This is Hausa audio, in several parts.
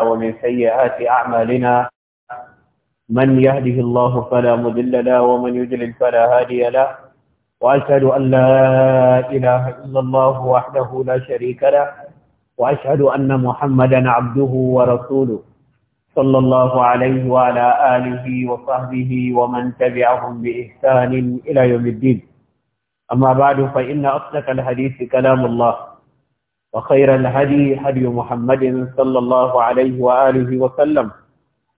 ومن سيئات أعمالنا من يهده الله فلا مضل له ومن يضلل فلا هادي له وأشهد أن لا إله إلا الله وحده لا شريك له وأشهد أن محمدا عبده ورسوله صلى الله عليه وعلى آله وصحبه ومن تبعهم بإحسان إلى يوم الدين أما بعد فإن أصدق الحديث كلام الله وخير الهدي هدي محمد صلى الله عليه وآله وسلم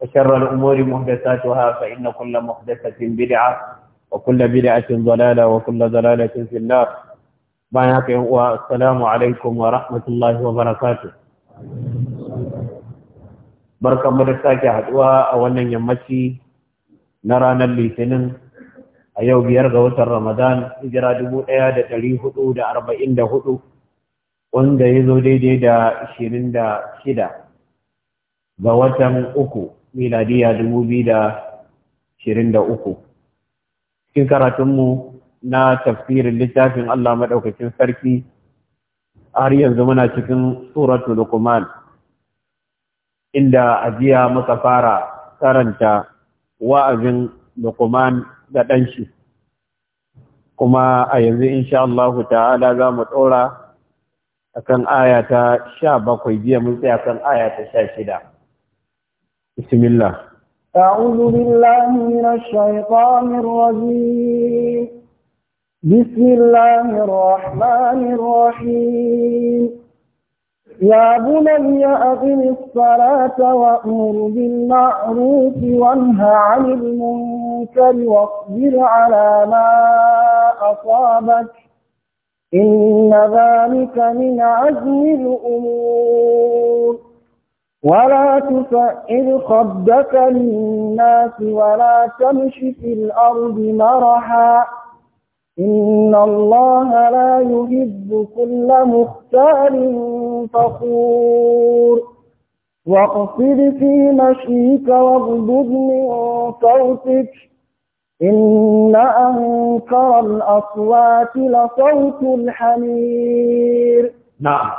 وشر الأمور محدثاتها فإن كل محدثة بدعة وكل بدعة ضلالة وكل ضلالة في النار بياك والسلام عليكم ورحمة الله وبركاته بركة مرساك حدوى أولا يمشي نرانا اللي سنن أيوب يرغوة رمضان إجرى دبوء إيادة لي هدو دا أربعين دا هدو wanda ya zo daidai da ashirin da shida ga watan uku miladiya dubu biyu da ashirin da uku cikin karatunmu na tafsirin littafin Allah maɗaukacin sarki har yanzu muna cikin suratu lukman, inda a jiya muka fara karanta wa'azin lukman ga ɗanshi kuma a yanzu insha Allah ta'ala za mu ɗora akan aya ta 17 biya mun tsaya kan aya ta 16 bismillah a'udhu billahi minash shaitanir rajim bismillahir rahmanir rahim يا بني أقم الصلاة وأمر بالمعروف وانهى عن المنكر واصبر على ما أصابك إن ذلك من عزم الأمور ولا تفعل خدك للناس ولا تمش في الأرض مرحا إن الله لا يحب كل مختال فخور واقصد في مشيك واغضب من صوتك إن أنكر الأصوات لصوت الحمير نعم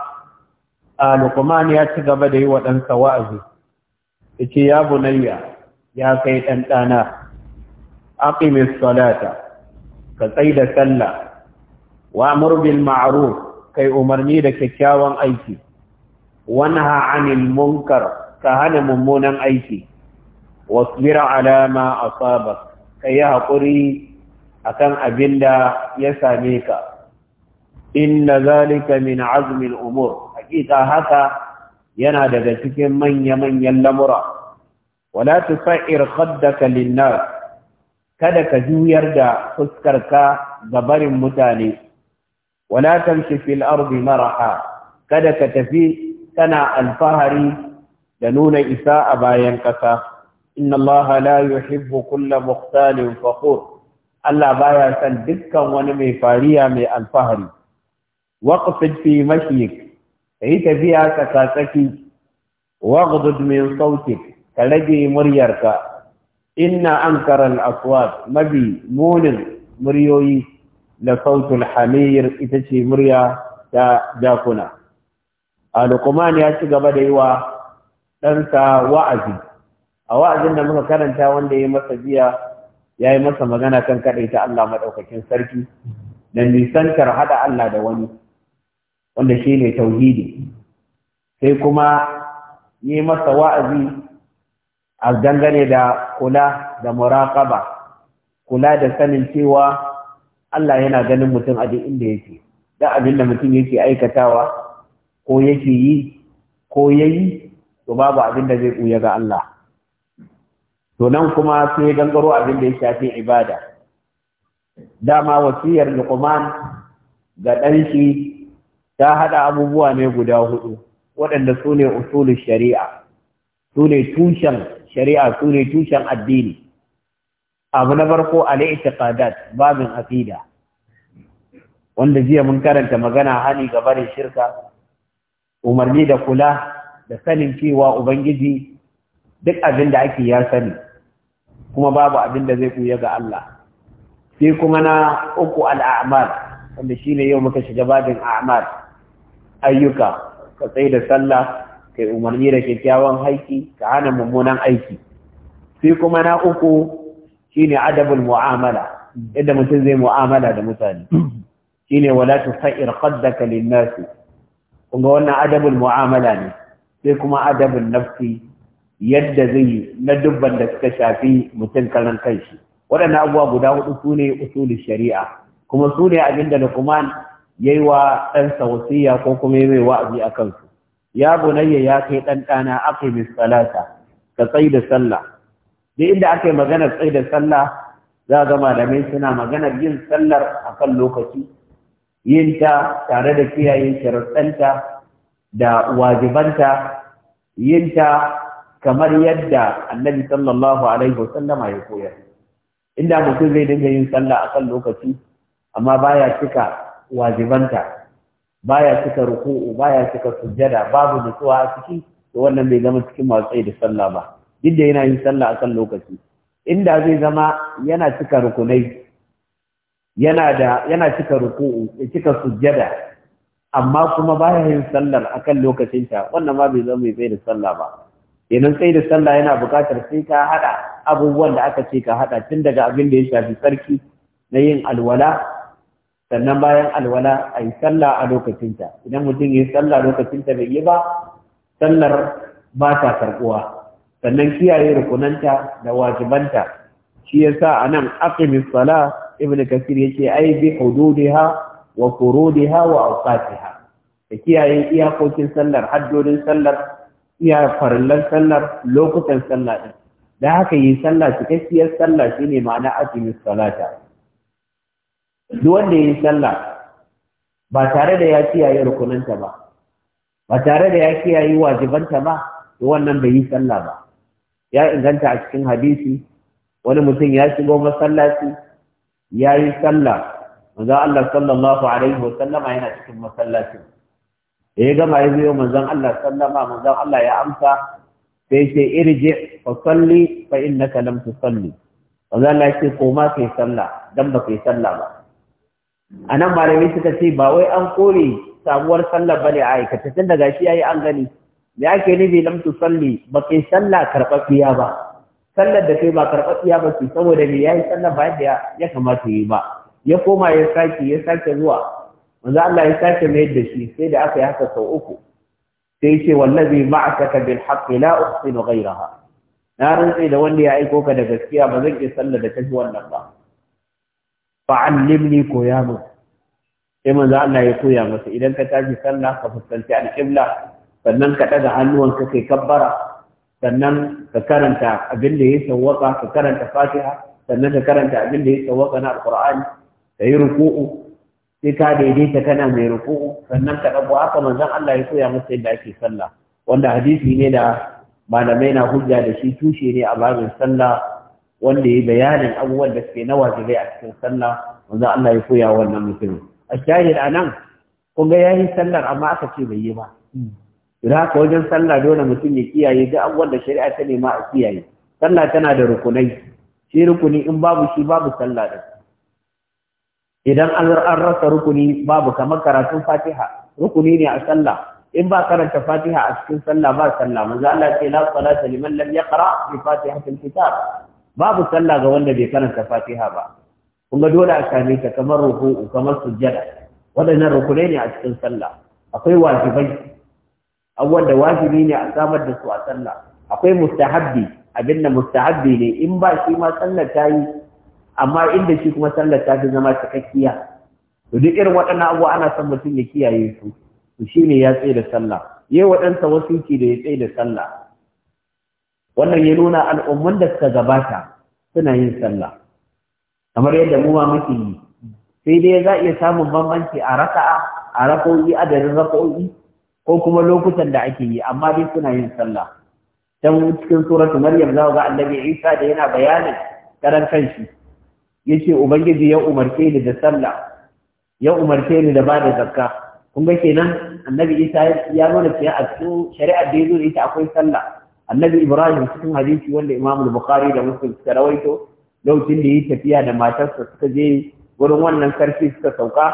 لقمان يا تغبى دي ودن سوازي إتي يا بني يا سيد أنت أنا أقم الصلاة كسيد سلة وأمر بالمعروف كي أمرني لك كاوان أيتي وانهى عن المنكر كهن ممونا أيتي واصبر على ما أصابك ka yi haƙuri kan abin da ya same ka inna zalika min azumin umur hakika haka yana daga cikin manya-manyan lamura wala tusair khaddaka linnas kada ka juyar da fuskarka ga barin mutane wala tamshi fil ardi maraha kada ka tafi tana alfahari da nuna isa a bayan ƙasa inna Allah la yuhibbu kulla mukhtalin fakhur Allah baya san dukkan wani mai fariya mai alfahari waqfid fi mashyik yi tafiya tsakatsaki waghdud min sautik ka rage muryarka inna ankara al-aswat mabi munin muryoyi da sautul hamir ita ce murya ta jakuna. Alukuman ya ci gaba da yi wa ɗansa wa'azi, a wa'azin da muka karanta wanda ya masa jiya, ya yi masa magana kan kaɗai ta Allah maɗaukakin sarki da nisantar haɗa Allah da wani wanda shi ne tauhidi sai kuma yi masa wa'azi a dangane da kula da muraƙaba kula da sanin cewa Allah yana ganin mutum a duk inda yake da abin da mutum yake aikatawa ko yake yi ko yayi to babu abin da zai buya ga Allah to nan kuma sai gangaro abin da ya shafi ibada dama wasiyar luqman ga ɗan ta haɗa abubuwa ne guda hudu waɗanda su ne usulun shari'a su ne tushen shari'a su ne tushen addini abu na farko al'itiqadat babin aqida wanda jiya mun karanta magana hali ga barin shirka umarni da kula da sanin cewa ubangiji duk abin da ake ya sani kuma babu abin da zai kuya ga Allah sai kuma na uku al'amal wanda shine yau muka shiga babin a'mal ayyuka ka tsaye da sallah kai umarni da kyakkyawan haiki ka hana mummunan aiki sai kuma na uku shine adabul mu'amala yadda mutum zai mu'amala da mutane shine wala tusair qaddaka lin-nas kuma wannan adabul mu'amala ne sai kuma adabul nafsi yadda zai yi na dubban da suka shafi mutum karan kanshi waɗannan abubuwa guda hudu su ne usulin shari'a kuma su ne abin da ya yi wa ɗansa wasiya ko kuma ya mai wa'azi a kansu ya bunayya ya kai ɗan ɗana aka yi salata ka tsayi da sallah duk inda aka yi maganar tsai da sallah za ga malamai suna maganar yin sallar a kan lokaci yin ta tare da kiyaye sharaɗanta da wajibanta yin ta kamar yadda annabi sallallahu alaihi wasallama ya koyar inda mutum zai dinga yin sallah a kan lokaci amma baya cika wajibanta baya cika ruku'u baya cika sujjada babu nutsuwa a ciki to wannan bai zama cikin masu tsaye da sallah ba duk da yana yin sallah a kan lokaci inda zai zama yana cika rukunai yana da yana cika ruku'u ya cika sujjada amma kuma baya yin sallar a kan lokacinta wannan ma bai zama mai tsaye da sallah ba idan sai da sallah yana buƙatar sai ka haɗa abubuwan da aka ce ka haɗa tun daga abin da ya shafi sarki na yin alwala sannan bayan alwala a yi sallah a lokacinta idan mutum ya yi sallah lokacinta bai yi ba sallar ba ta karɓuwa sannan kiyaye rukunanta da wajibanta shi yasa a nan aqimis sala ibn kasir yace ai bi hududiha wa furudiha wa awqatiha da kiyaye iyakokin sallar haddodin sallar iya farallan sallar lokutan sallah din da haka yi sallah cikakkiyar sallah shine ma'ana aqimis salata duk wanda yi sallah ba tare da ya kiyaye rukunanta ba ba tare da ya kiyaye wajibanta ba to wannan bai yi sallah ba ya inganta a cikin hadisi wani mutum ya shigo masallaci ya yi sallah manzo Allah sallallahu alaihi wa sallama yana cikin masallacin da ya gama ya biyo manzon Allah sallama manzon Allah ya amsa sai ce irji fa salli fa innaka lam tusalli manzon Allah ce koma kai sallah dan ba kai sallah ba anan malami suka ce ba wai an kore sabuwar sallah bane a aikata tun daga shi yayi an gani me ake nufi lam tusalli ba kai sallah karɓaɓɓiya ba sallar da kai ba karɓaɓɓiya ba ce saboda me yayi sallah ba yadda ya kamata yi ba ya koma ya sake ya sake zuwa manzo Allah ya sake mai da shi sai da aka yi haka sau uku sai ya ce wallazi ma'aka bil haqqi la uhsinu ghayraha na rantsi da wanda ya aiko ka da gaskiya ba zan iya sallah da tafi wannan ba fa'allimni koya mu sai manzo Allah ya koya masa idan ka tashi sallah ka fuskanci al-qibla sannan ka daga hannuwanka kai kabbara sannan ka karanta abin da ya sawwaka ka karanta fatiha sannan ka karanta abin da ya sawwaka na alqur'ani ka ruku'u sai ka daidaita kana mai ruku. sannan ka ɗago haka manzon Allah ya koya masa yadda ake sallah wanda hadisi ne da malamai na hujja da shi tushe ne a babin sallah wanda ya bayanin abubuwan da suke na wajibai a cikin sallah manzon Allah ya koya wannan mutumin a shahid nan? kun ga yayi sallar amma aka ce bai yi ba idan haka wajen sallah dole mutum ya kiyaye duk abubuwan da shari'a ta nema a kiyaye sallah tana da rukunai shi rukuni in babu shi babu sallah din idan an rasa rukuni babu kamar karatun fatiha rukuni ne a sallah in ba karanta fatiha a cikin sallah ba sallah manzo Allah ce la salata liman lam yaqra bi fatihatil kitab babu sallah ga wanda bai karanta fatiha ba kuma dole a same ta kamar ruku'u kamar sujjada waɗannan rukunai ne a cikin sallah akwai wajibai abubuwan da wajibi ne a samar da su a sallah akwai mustahabbi abin da mustahabbi ne in ba shi ma Sallah ta yi amma inda shi kuma sallar ta fi zama cikakkiya to duk irin waɗannan abubuwa ana son mutum ya kiyaye su to ne ya tsaye da sallah yayi waɗansa yake da ya tsaye da sallah wannan ya nuna al'umman da suka gabata suna yin sallah kamar yadda mu ma muke yi sai dai za a iya samun bambanci a raka'a a raka'o'i adadin rakoi ko kuma lokutan da ake yi amma dai suna yin sallah dan cikin suratul maryam za ga annabi Isa da yana bayanin karan shi. yace ubangiji ya umarce ni da sallah ya umarce ni da ba da zakka kun ga kenan annabi Isa ya nuna cewa a cikin shari'ar da yazo ita akwai sallah annabi Ibrahim cikin hadisi wanda Imamul Bukhari da Muslim suka rawaito lokacin da ya tafiya da matarsa suka je wurin wannan sarki suka sauka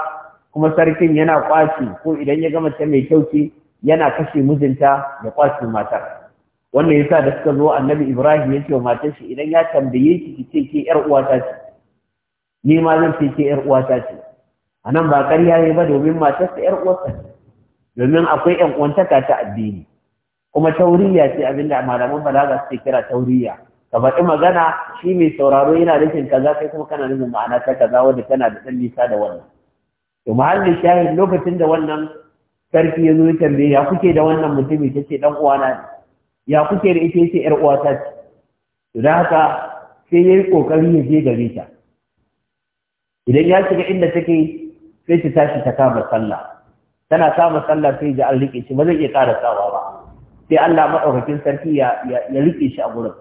kuma sarkin yana kwaci ko idan ya gama ta mai kyau ce yana kashe mijinta ya kwaci matar wannan yasa da suka zo annabi Ibrahim ya ce wa matar shi idan ya tambaye ki ki ce ke yar uwata ce ni ma zan ce ke ƴar uwata ce a nan ba ƙarya ne ba domin matarsa ƴar uwarsa ce domin akwai ƴan uwantaka ta addini kuma tauriya ce abinda malaman balaga suke kira tauriya ka faɗi magana shi mai sauraro yana nufin kaza kai kuma kana nufin ma'ana ta kaza wanda tana da ɗan nisa da wannan to muhallin shahin lokacin da wannan sarki ya zo ya tambaye ya kuke da wannan mutumin ta ce ɗan uwana ne ya kuke da ita ce ƴar uwata ce to haka sai ya yi ƙoƙari ya je gare ta idan ya shiga inda take sai ta tashi ta kama sallah tana kama sallah sai ji an rike shi ba zai iya ƙara sawa ba sai Allah maɗaukakin sarki ya ya rike shi a gurin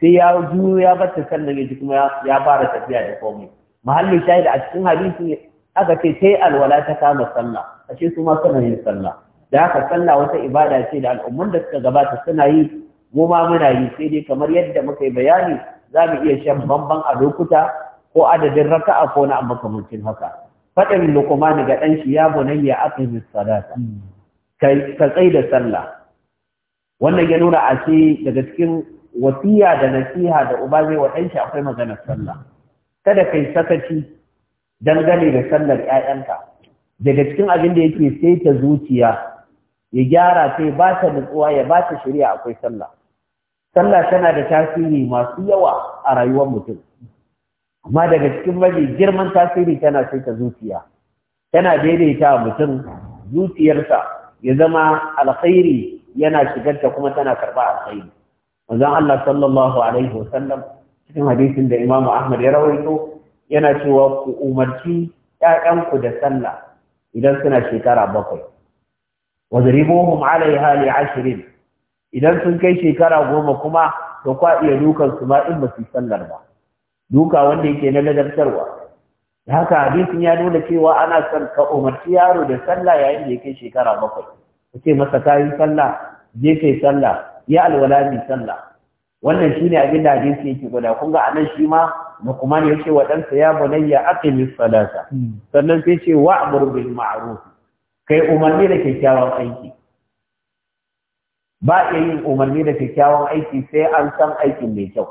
sai ya juyo ya bar ta sallar ya kuma ya fara tafiya da komai Muhalli shahid a cikin hadisi aka ce sai alwala ta kama sallah ashe su ma suna yin sallah da haka sallah wata ibada ce da al'umman da suka gabata suna yi mu ma muna yi sai dai kamar yadda muka yi bayani za mu iya shan bamban a lokuta ko adadin raka'a ko na abu mutum haka faɗin lukumani ga ɗan shi ya bunayya aqimis salata ka tsai da sallah wannan ya nuna a ce daga cikin wasiya da nasiha da uba zai wa shi akwai maganar sallah kada kai sakaci dangane da sallar ƴaƴanka daga cikin abin da yake sai ta zuciya ya gyara sai ba ta nutsuwa ya ba ta shirya akwai sallah sallah tana da tasiri masu yawa a rayuwar mutum amma daga cikin mafi girman tasiri tana saita zuciya tana daidaita mutum zuciyarsa ya zama alkhairi yana shigarta kuma tana karba alkhairi Wanzan Allah sallallahu alaihi wasallam cikin hadisin da Imam Ahmad ya rawaito yana cewa ku umarci ƴaƴanku da sallah idan suna shekara bakwai wazribuhum alaiha li ashrin idan sun kai shekara goma kuma to kwa iya dukan su ma in ba su sallar ba duka wanda yake na Da haka hadisin ya nuna cewa ana son ka umarci yaro da sallah yayin da yake shekara bakwai kace masa kayi sallah je kai sallah ya alwala sallah wannan shine abin da hadisi yake gwada kun ga anan shi ma kuma ya ce wa ɗansa ya bunayya aqimis salata hmm. sannan sai ce wa amru bil ma'ruf kai umarni da kyakkyawan aiki ba iya yin umarni da kyakkyawan aiki sai an san aikin mai kyau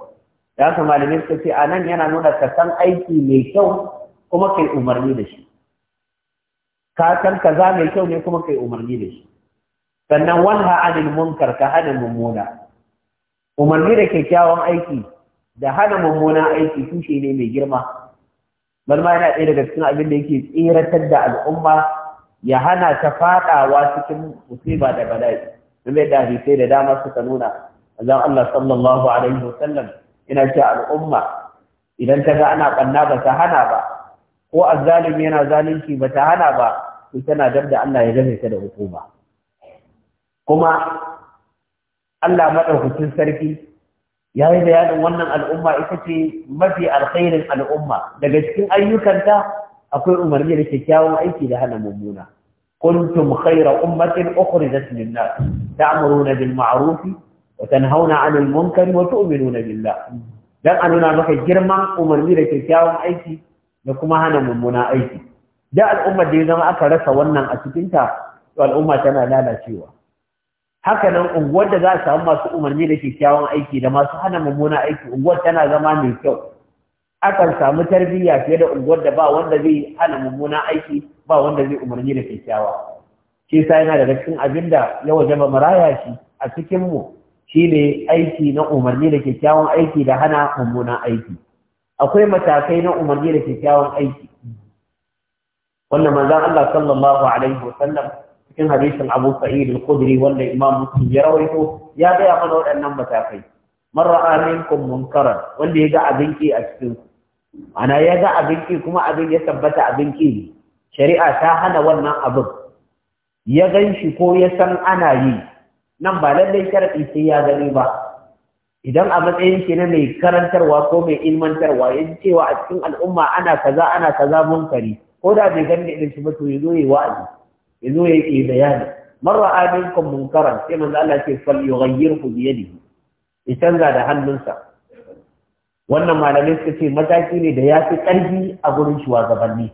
da haka malamai su ce a nan yana nuna ka san aiki mai kyau kuma kai umarni da shi ka san za mai kyau ne kuma kai umarni da shi sannan wanha anil munkar ka hana mummuna umarni da kyakkyawan aiki da hana mummuna aiki tushe ne mai girma bal ma yana ɗaya daga cikin abin da yake tseratar da al'umma ya hana ta faɗawa cikin musiba da bala'i kuma da hadisai da dama suka nuna zan Allah sallallahu alaihi wasallam ina al'umma idan ta ga ana ɓanna ba ta hana ba ko azzalimi yana zalunci ba ta hana ba to tana dab da Allah ya gaza ta da hukuma kuma Allah madaukakin sarki ya yi bayanin wannan al'umma ita ce mafi alkhairin al'umma daga cikin ayyukanta akwai umarni da kyakkyawan aiki da hana mummuna kuntum khayra ummatin ukhrijat lin-nas ta'muruna bil ma'ruf wa tanhauna 'anil munkari wa tu'minuna Billa, dan a nuna maka girman umarni da kyakkyawan aiki da kuma hana mummuna aiki da al'ummar da ya zama aka rasa wannan a cikinta to al'umma tana lalacewa haka nan unguwar da za a samu masu umarni da kyakkyawan aiki da masu hana mummuna aiki unguwar tana zama mai kyau akan samu tarbiyya fiye da unguwar da ba wanda zai hana mummuna aiki ba wanda zai umarni da kyakkyawa shi yana daga cikin abin da yawa waje maraya shi a cikin mu shine aiki na umarni da kyakkyawan aiki da hana mummunan aiki akwai matakai na umarni da kyakkyawan aiki wannan manzon Allah sallallahu alaihi wasallam cikin hadisin Abu Sa'id al-Khudri wanda Imam Muslim ya rawaito ya ga mana waɗannan matakai man ra'a minkum munkara wanda ya ga abin ki a cikin ana ya ga abin ki kuma abin ya tabbata abin ki shari'a ta hana wannan abin ya gan shi ko ya san ana yi nan ba lallai sharaɗi sai ya gani ba idan a matsayin shi na mai karantarwa ko mai ilmantarwa ya ji cewa a cikin al'umma ana kaza ana kaza munkari ko da bai gani irin shi ba to ya zo ya yi wa'azi ya zo ya yi bayani man ra'a minkum munkaran sai manzo Allah ce fal yughayyirhu bi yadihi ya canza da hannunsa wannan malamai suka ce mataki ne da ya fi ƙarfi a gurin shugabanni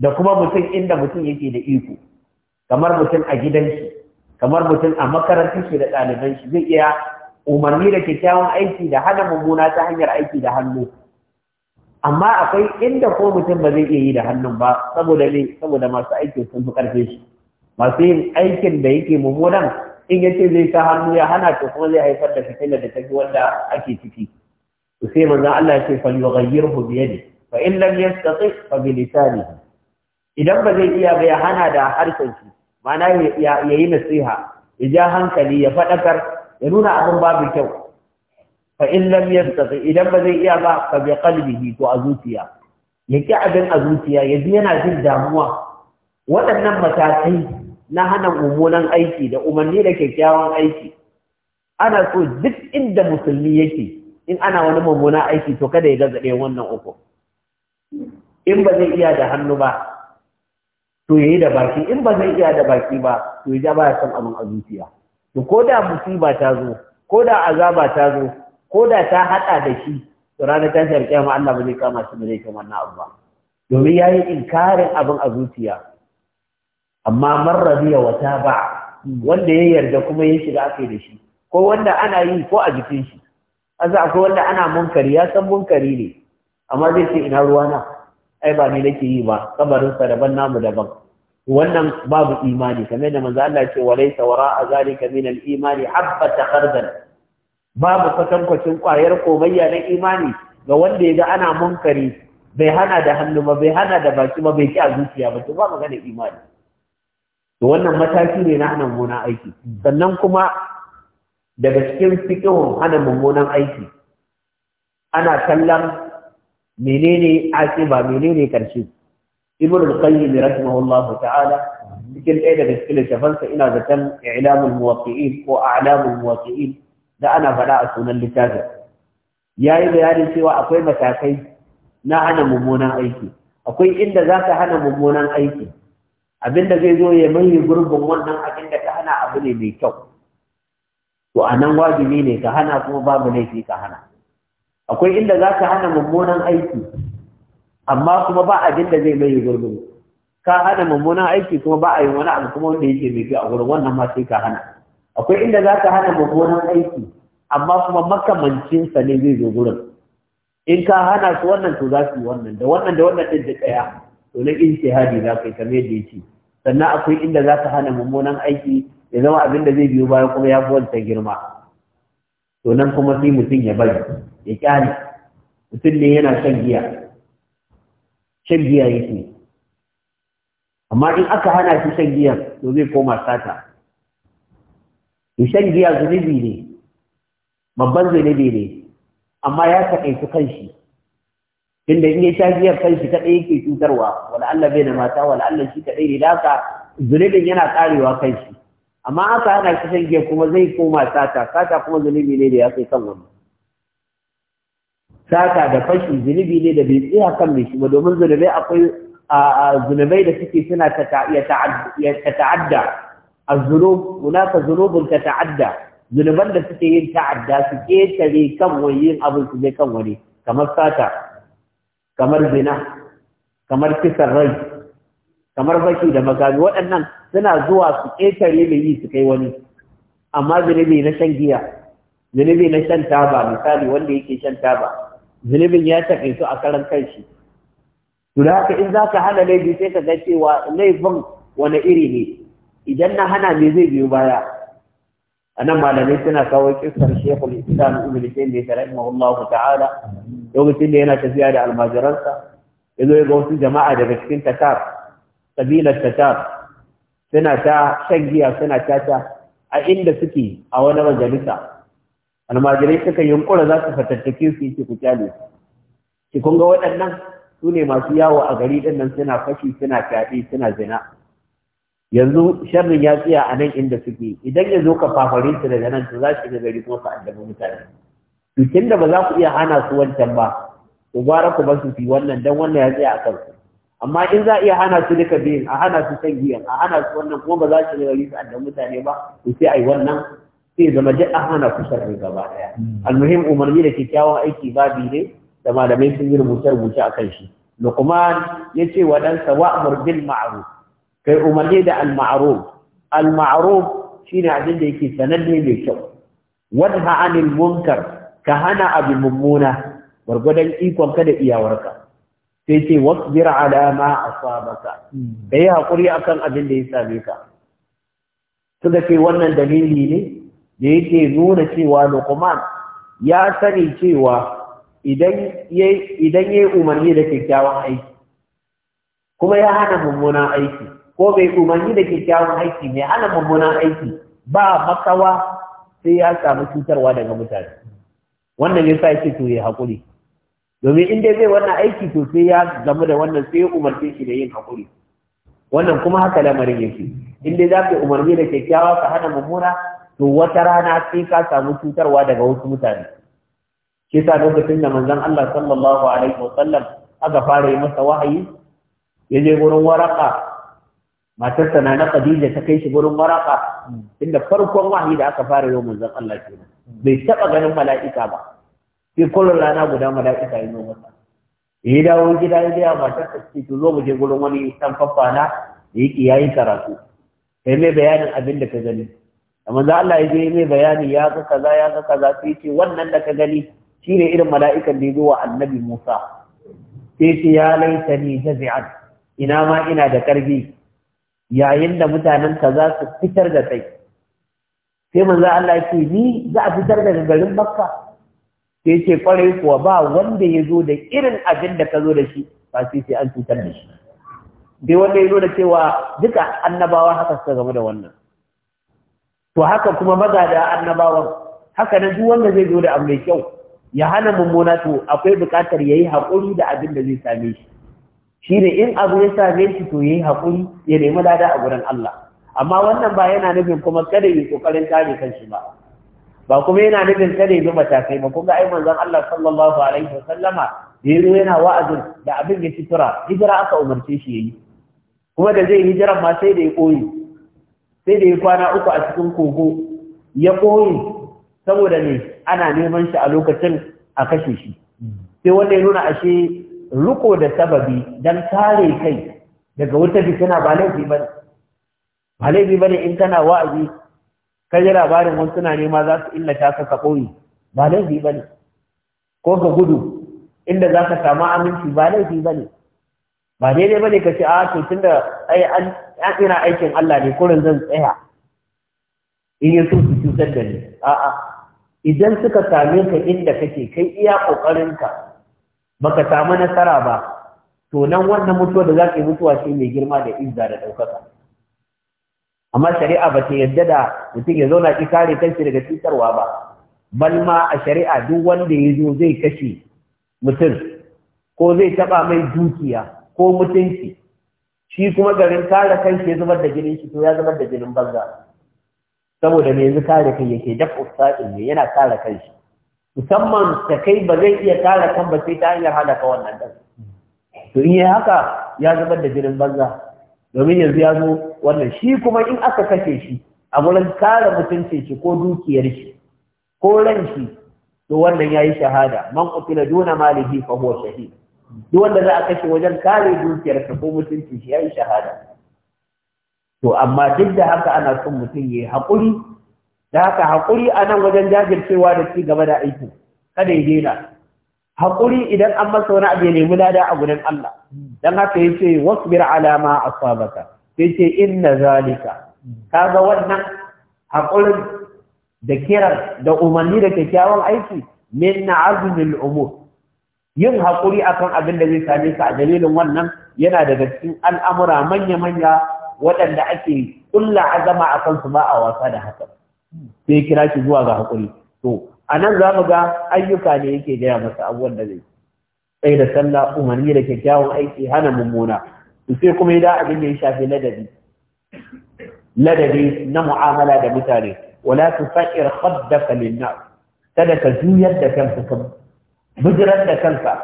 da kuma mutum inda mutum yake da iko kamar mutum a gidan shi kamar mutum a makarantar shi da ɗaliban shi zai iya umarni da kyakkyawan aiki da hana mummuna ta hanyar aiki da hannu amma akwai inda ko mutum ba zai iya yi da hannun ba saboda ne saboda masu aiki sun fi ƙarfe shi masu yin aikin da yake mummunan in ya ce zai sa hannu ya hana to kuma zai haifar da fitilar da tafi wanda ake ciki to sai manzon Allah ya ce fa yughayyirhu bi yadi fa in lam yastati fa bi lisanihi idan ba zai iya ba ya hana da harshen shi mana ya yi nasiha ya ja hankali ya faɗakar ya nuna abin babu kyau fa in lam yastati idan ba zai iya ba fa bi qalbihi to a zuciya ya ki abin a zuciya ya ji yana jin damuwa waɗannan matakai na hana mummunan aiki da umarni da kyakkyawan aiki ana so duk inda musulmi yake in ana wani mummunan aiki to kada ya gazaɗe wannan uku in ba zai iya da hannu ba to yayi da baki in ba zai iya da baki ba to ya ba ya san abin a zuciya to ko da ba ta zo ko da azaba ta zo ko da ta hada da shi to ranar tashar kiyama Allah ba zai kama shi ba zai kama na abu ba domin yayi inkarin abin a zuciya amma man wata wata ba. wanda ya yarda kuma ya shiga akai da shi ko wanda ana yi ko a jikin shi a akwai wanda ana munkari ya san munkari ne amma zai ce ina ruwana ai ba ni nake yi ba kabarinsa daban namu daban wannan babu imani kamar da manzo Allah ce walaysa wara'a zalika min al-imani Habba takardar babu kwatankwacin kwayar komayya na imani ga wanda ya ga ana munkari bai hana da hannu ba bai hana da baki ba bai ki a zuciya ba to ba magana imani to wannan mataki ne na hana mummunan aiki sannan kuma daga cikin fikihun hana mummunan aiki ana kallon menene asiba menene karshe ibn al-qayyim rahimahullahu ta'ala cikin ɗaya daga cikin shafansa ina zaton i'lamul muwaqqi'in ko a'lamul muwaqqi'in da ana faɗa a sunan littafin yayi bayani cewa akwai matakai na hana mummunan aiki akwai inda zaka hana mummunan aiki abinda zai zo ya mai gurbin wannan abin da ka hana abu ne mai kyau to a nan wajibi ne ka hana kuma babu laifi ka hana akwai inda za ka hana mummunan aiki amma kuma ba abin da zai mai gurbin ka hana mummunan aiki kuma ba a yi wani abu kuma wanda yake mai a gurin wannan ma sai ka hana akwai inda za ka hana mummunan aiki amma kuma makamancinsa ne zai zo gurin in ka hana su wannan to za su yi wannan da wannan da wannan din da kaya to na intihadi za ka yi kamar yadda yake sannan akwai inda za ka hana mummunan aiki ya zama abin da zai biyo baya kuma ya fi wancan girma to nan kuma sai mutum ya bari ya kyale mutum ne yana shan giya shan giya yake amma in aka hana shi shan giya to zai koma sata to shan giya zunubi ne babban zunubi ne amma ya taƙaitu kanshi tunda in ya sha giyar kanshi kaɗai yake cutarwa wala Allah bai da mata wala Allah shi kaɗai ne da haka zunubin yana ƙarewa kanshi amma aka yana shi shan giya kuma zai koma sata sata kuma zunubi ne da ya kai kan wannan sata da fashi zunubi ne da bai tsaya kan mai shi ba domin zunubai akwai zunubai da suke suna ya ta'adda a zunub hunaka zunubun ta'adda, zunuban da suke yin ta'adda su ketare kan wani abin su zai kan wani kamar sata kamar zina kamar kisan rai kamar baki da magani waɗannan suna zuwa su ƙetare mai yi su kai wani amma zunubi na shan giya zunubi na shan taba misali wanda yake shan taba zunubin ya su a karan shi. to da haka in za ka hana laifi sai ka ga cewa laifin wani iri ne idan na hana me zai biyo baya a nan malamai suna kawo kisar shekul islam ibn taymiyyah ta rahimahullahu ta'ala lokacin da yana tafiya da almajiransa ya zo ya ga wasu jama'a daga cikin tatar kabilar tatar suna ta shan giya suna tata a inda suke a wani majalisa almajirai suka yunkura za su fatattake su yake ku ki kun ga waɗannan su ne masu yawo a gari ɗin nan suna fashi suna fyaɗe suna zina yanzu sharrin ya tsaya a nan inda suke idan ya zo ka fafare su daga nan su za su ga gari kuma ka addabi mutane to da ba za ku iya hana su wancan ba ku gwara ku ba su fi wannan don wannan ya tsaya a kansu amma in za a iya hana su duka biyun a hana su san giyan a hana su wannan kuma ba za su rari su addan mutane ba su sai yi wannan sai zama duk a hana ku sharri gaba daya hmm. almuhim umarni da kyakkyawan aiki babu ne da malamai sun yi rubuce rubuce a kan shi luqman yace wa dan sawa'mur bil ma'ruf kai umarni da al ma'ruf al ma'ruf shine abin da yake sananne mai kyau wadha anil munkar ka hana abin mummuna gwargwadon ikon ka da iyawarka sai ce wasbir ala ma asabaka hmm. kai hakuri akan abin da ya same ka suka ce wannan dalili ne da yake nuna cewa Luqman ya sani cewa idan yayi idan umarni da kyakkyawan aiki kuma ya hana mummunan aiki ko bai umarni da kyakkyawan aiki mai hana mummunan aiki ba makawa sai ya samu cutarwa daga mutane wannan yasa yake to ya hakuri domin in dai zai wannan aiki to sai ya zama da wannan sai ya umarce shi da yin hakuri wannan kuma haka lamarin yake in dai za ka umarni da kyakkyawa ka hana mummuna to wata rana sai ka samu cutarwa daga wasu mutane shi yasa lokacin da manzon Allah sallallahu alaihi wasallam aka fara yi masa wahayi ya je gurin waraka matarsa na na Khadija ta kai shi gurin waraka inda farkon wahayi da aka fara yi manzon Allah kenan bai taba ganin mala'ika ba sai kullum rana guda mala'ika ya masa ya dawo gida ya gaya matar ta ce zo mu je gurin wani san fafana? da yake yi karatu yi mai bayanin abin da ka gani amma za Allah ya je mai bayani ya ga kaza ya ga kaza sai ce wannan da ka gani shine irin mala'ikan da ya zo wa annabi Musa sai ce ya laita ni jazi'an ina ma ina da karfi yayin da mutanen ka za su fitar da kai sai manzo Allah ya ce ni za a fitar da garin Makka sai ce kwarai kuwa ba wanda ya zo da irin abin da ka zo da shi ba sai sai an cutar da shi bai wanda ya zo da cewa duka annabawa haka suka game da wannan to haka kuma magada annabawan haka na duk wanda zai zo da abu mai kyau ya hana mummuna to akwai buƙatar yayi haƙuri da abin da zai same shi Shi shine in abu ya same shi to yayi haƙuri ya nemi lada a gurin Allah amma wannan ba yana nufin kuma kada yi kokarin kare kanshi ba ba kuma yana nufin kada ya matakai ba kuma ai manzon Allah sallallahu alaihi wa sallama da yazo yana wa'azin da abin ya fitura hijira aka umarce shi yayi kuma da zai hijira ma sai da ya koyi sai da ya kwana uku a cikin kogo ya koyi saboda ne ana neman shi a lokacin a kashe shi sai wanda ya nuna ashe riko da sababi dan kare kai daga wata fitina ba laifi bane ba laifi bane in kana wa'azi ka ji labarin wasu suna nema za su illata ka ka ɓoye ba laifi ba ne ko ka gudu inda za ka samu aminci ba laifi ba ne ba daidai ba ne ka ce a ah, to tun da ai an ina aikin Allah ne kurin zan tsaya in yi so su cutar da ni a'a idan suka same ka inda kake kai iya ƙoƙarinka baka samu nasara ba to nan wannan mutuwa da za ka yi mutuwa ce mai girma da izza da ɗaukaka amma shari'a ba ta yarda da mutum ya zauna na kare kanshi daga cutarwa ba bal ma a shari'a duk wanda ya zo zai kashe mutum ko zai taba mai dukiya ko mutunci shi kuma garin kare kanshi ya zubar da jinin shi to ya zubar da jinin banza saboda me yanzu kare kai yake daf ustadin ne yana kare kanshi musamman ta kai ba zai iya kare kan ba sai ta hanyar halaka wannan dan to in yi haka ya zubar da jinin banza domin yanzu ya zo wannan shi kuma in aka kashe shi a wurin kare mutuncin shi ko dukiyar shi ko ran shi to wannan yayi shahada man qutila duna malihi fa huwa shahid duk wanda za a kashe wajen kare dukiyar ka ko mutunci shi yayi shahada to amma duk da haka ana son mutum yayi hakuri da haka hakuri anan wajen jajircewa da ci gaba da aiki kada ya daina haƙuri idan an masa wani abu ya nemi lada a gudun Allah don haka ya ce wasbir alama alama asabaka sai ce inna zalika Ka ga wannan haƙurin da kiran da umarni da kyakkyawan aiki min azmil umur yin haƙuri akan abin da zai same ka a dalilin wannan yana da cikin al'amura manya-manya waɗanda ake ƙulla azama a kansu ba a wasa da haka sai kira ki zuwa ga haƙuri to a nan za mu ga ayyuka ne yake gaya masa abubuwan da zai sai da sallah umarni da kyakkyawan aiki hana mummuna sai kuma ya da abin da ya shafi ladabi ladabi na mu'amala da mutane wala tusair khaddaka lin-nas kada ka juyar da kanka ka bijirar da kanka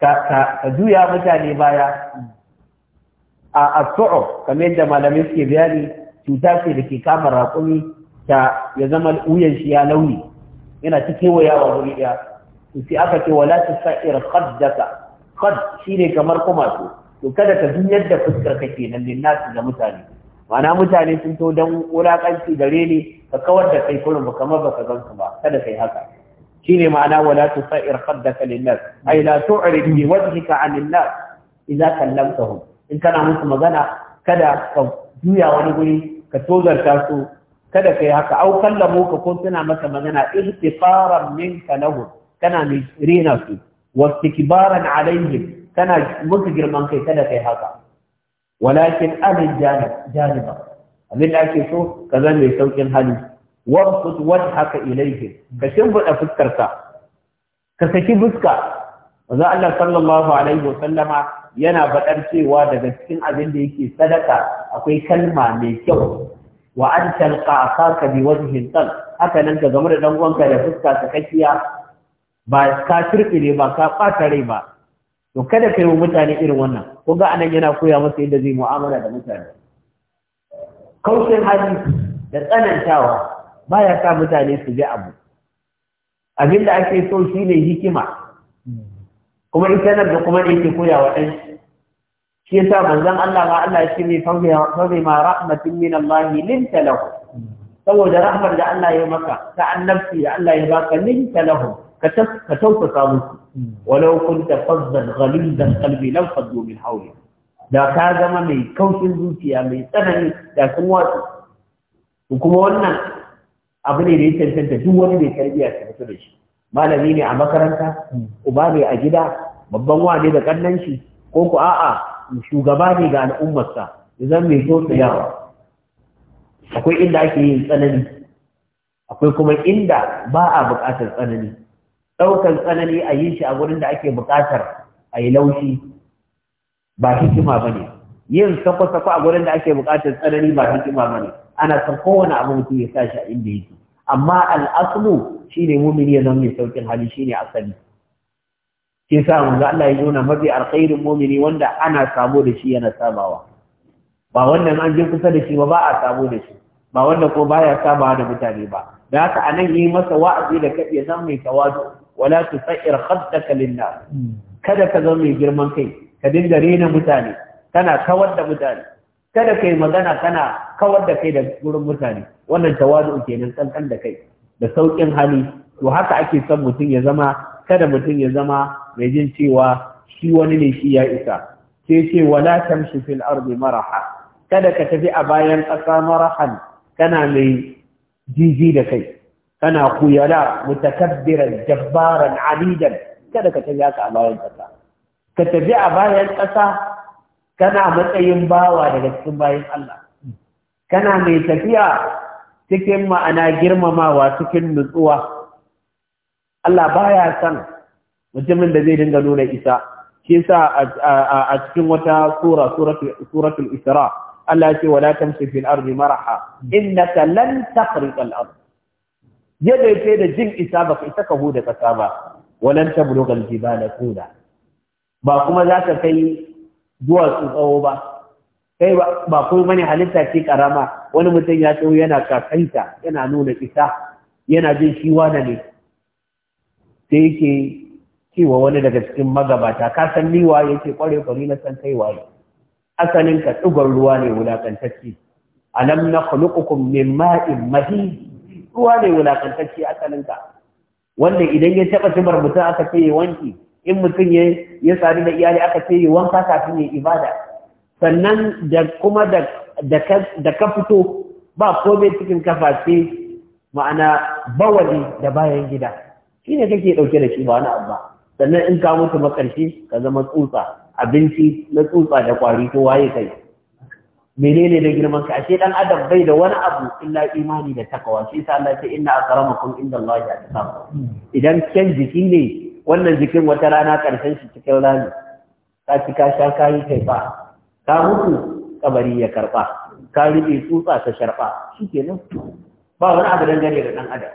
ka juya mutane baya a asu'u kamar yadda malamai suke bayani cuta ce da ke kama raƙumi ta ya zama wuyan shi ya launi yana ta kewayawa wuri ɗaya to sai aka ce wala ta sa'ir khaddaka khad shine kamar kuma to to kada ka duk yadda fuskar ka kenan lin nasu ga mutane ma'ana mutane sun to dan wulakanci gare ne ka kawar da kai kullum kamar baka gansu ba kada kai haka shine ma'ana wala ta sa'ir khaddaka lin nas ay la tu'rid bi wajhika 'anil nas idza kallamtahum in kana musu magana kada ka juya wani guri ka tozarta su kada yi haka au kallamu ka ko suna maka magana ihtifaran minka lahu kana mai rina su wa istikbaran alaihim kana muka girman kai kada kai haka walakin alil janib janiba abin da ake so ka zama mai saukin hali wabsut wajhaka ilayhim ka shimbuda fuskarka ka saki fuska Maza Allah sallallahu alaihi sallama yana faɗar cewa daga cikin abin da yake sadaka akwai kalma mai kyau wa an talqa akaka bi wasu tal haka nan ka game da dan uwanka da fuska ta kakiya ba ka ne ba ka bata rai ba to kada kai wa mutane irin wannan ko ga anan yana koya masa yadda zai mu'amala da mutane kaushin hali da tsanantawa baya sa mutane su ji abu abinda ake so shine hikima kuma ita da kuma ne ke koya wa shi yasa manzon Allah ma Allah shi ne fawai ma rahmatin min Allah linta lahu saboda rahmar da Allah ya maka ta annabci da Allah ya baka linta lahu ka ka tausasa musu walau kunta fazzan ghalizan qalbi lam faddu min hawli da ka zama mai kaucin zuciya mai tsanani da sun watsu kuma wannan abu ne da ya cancanta duk wani mai tarbiyya ta fito da shi malami ne a makaranta hmm. uba ne a gida babban wane da kannan shi ko ku a'a shugaba ne ga al'ummarsa idan mai tsayawa. akwai inda ake yin tsanani akwai kuma inda ba a buƙatar tsanani ɗaukar tsanani a yi shi a wurin da ake buƙatar a yi laushi ba hikima ba ne yin sako-sako a wurin da ake buƙatar tsanani ba hikima ba ne ana san kowane abu mutum ya sa shi a inda yake amma al'aslu shine mumini ya zama mai saukin hali shine asali ke sa manzo Allah ya nuna mafi alkhairin mu'mini wanda ana sabo da shi yana sabawa ba wannan an je kusa da shi ba ba a sabo da shi ba wanda ko baya sabawa da mutane ba da haka anan yi masa wa'azi da kaɗe zan mai tawadu wala tusair khaddaka lillah kada ka zama mai girman kai ka dinga rena mutane kana kawar da mutane kada kai magana kana kawar da kai da gurin mutane wannan tawadu kenan kankan da kai da saukin hali to haka ake son mutum ya zama kada mutum ya zama mai jin cewa shi wani ne shi ya isa sai ce wala tamshi fil ardi maraha kada ka tafi a bayan ƙasa marahan kana mai jiji da kai kana kuyala mutakabbiran jabbaran alidan kada ka tafi a bayan ƙasa ka tafi a bayan ƙasa kana matsayin bawa daga cikin bayan Allah kana mai tafiya cikin ma'ana girmamawa cikin nutsuwa Allah baya san mutumin da zai dinga nuna isa shi yasa a cikin wata sura suratul isra Allah ya ce wala tamshi fil ardi maraha innaka lan taqriqal ard yadda yake da jin isa baka isa ka huda kasa ba walan tablughal jibala tula ba kuma za ka kai duwatsu tsawo ba kai ba kuma halitta ce karama wani mutum ya tsawo yana kakanta yana nuna isa yana jin shi wane ne sai yake cewa wani daga cikin magabata ka san ni yake kware kwari na san kai waye asalin ka tsugar ruwa ne wulakantacce alam na khuluqukum min ma'in mahi ruwa ne wulakantacce asalin ka wanda idan ya taba tubar mutum aka ce yawanki, in mutum ya ya da iyali aka ce wanka kafin ya ibada sannan da kuma da da ka fito ba komai cikin kafa sai ma'ana bawali da bayan gida shi ne kake ɗauke da shi ba wani abu sannan in ka mutu makarshi ka zama tsutsa abinci na tsutsa da kwari ko waye kai menene da girman ka ashe dan adam bai da wani abu illa imani da takawa shi yasa Allah ya inna akramakum indallahi atqakum idan kyan jiki ne wannan jikin wata rana karshen shi cikin rani ka ci ka sha kayi kai ba ka mutu kabari ya karba ka rube tsutsa ta sharba shikenan ba wani abu dangane da dan adam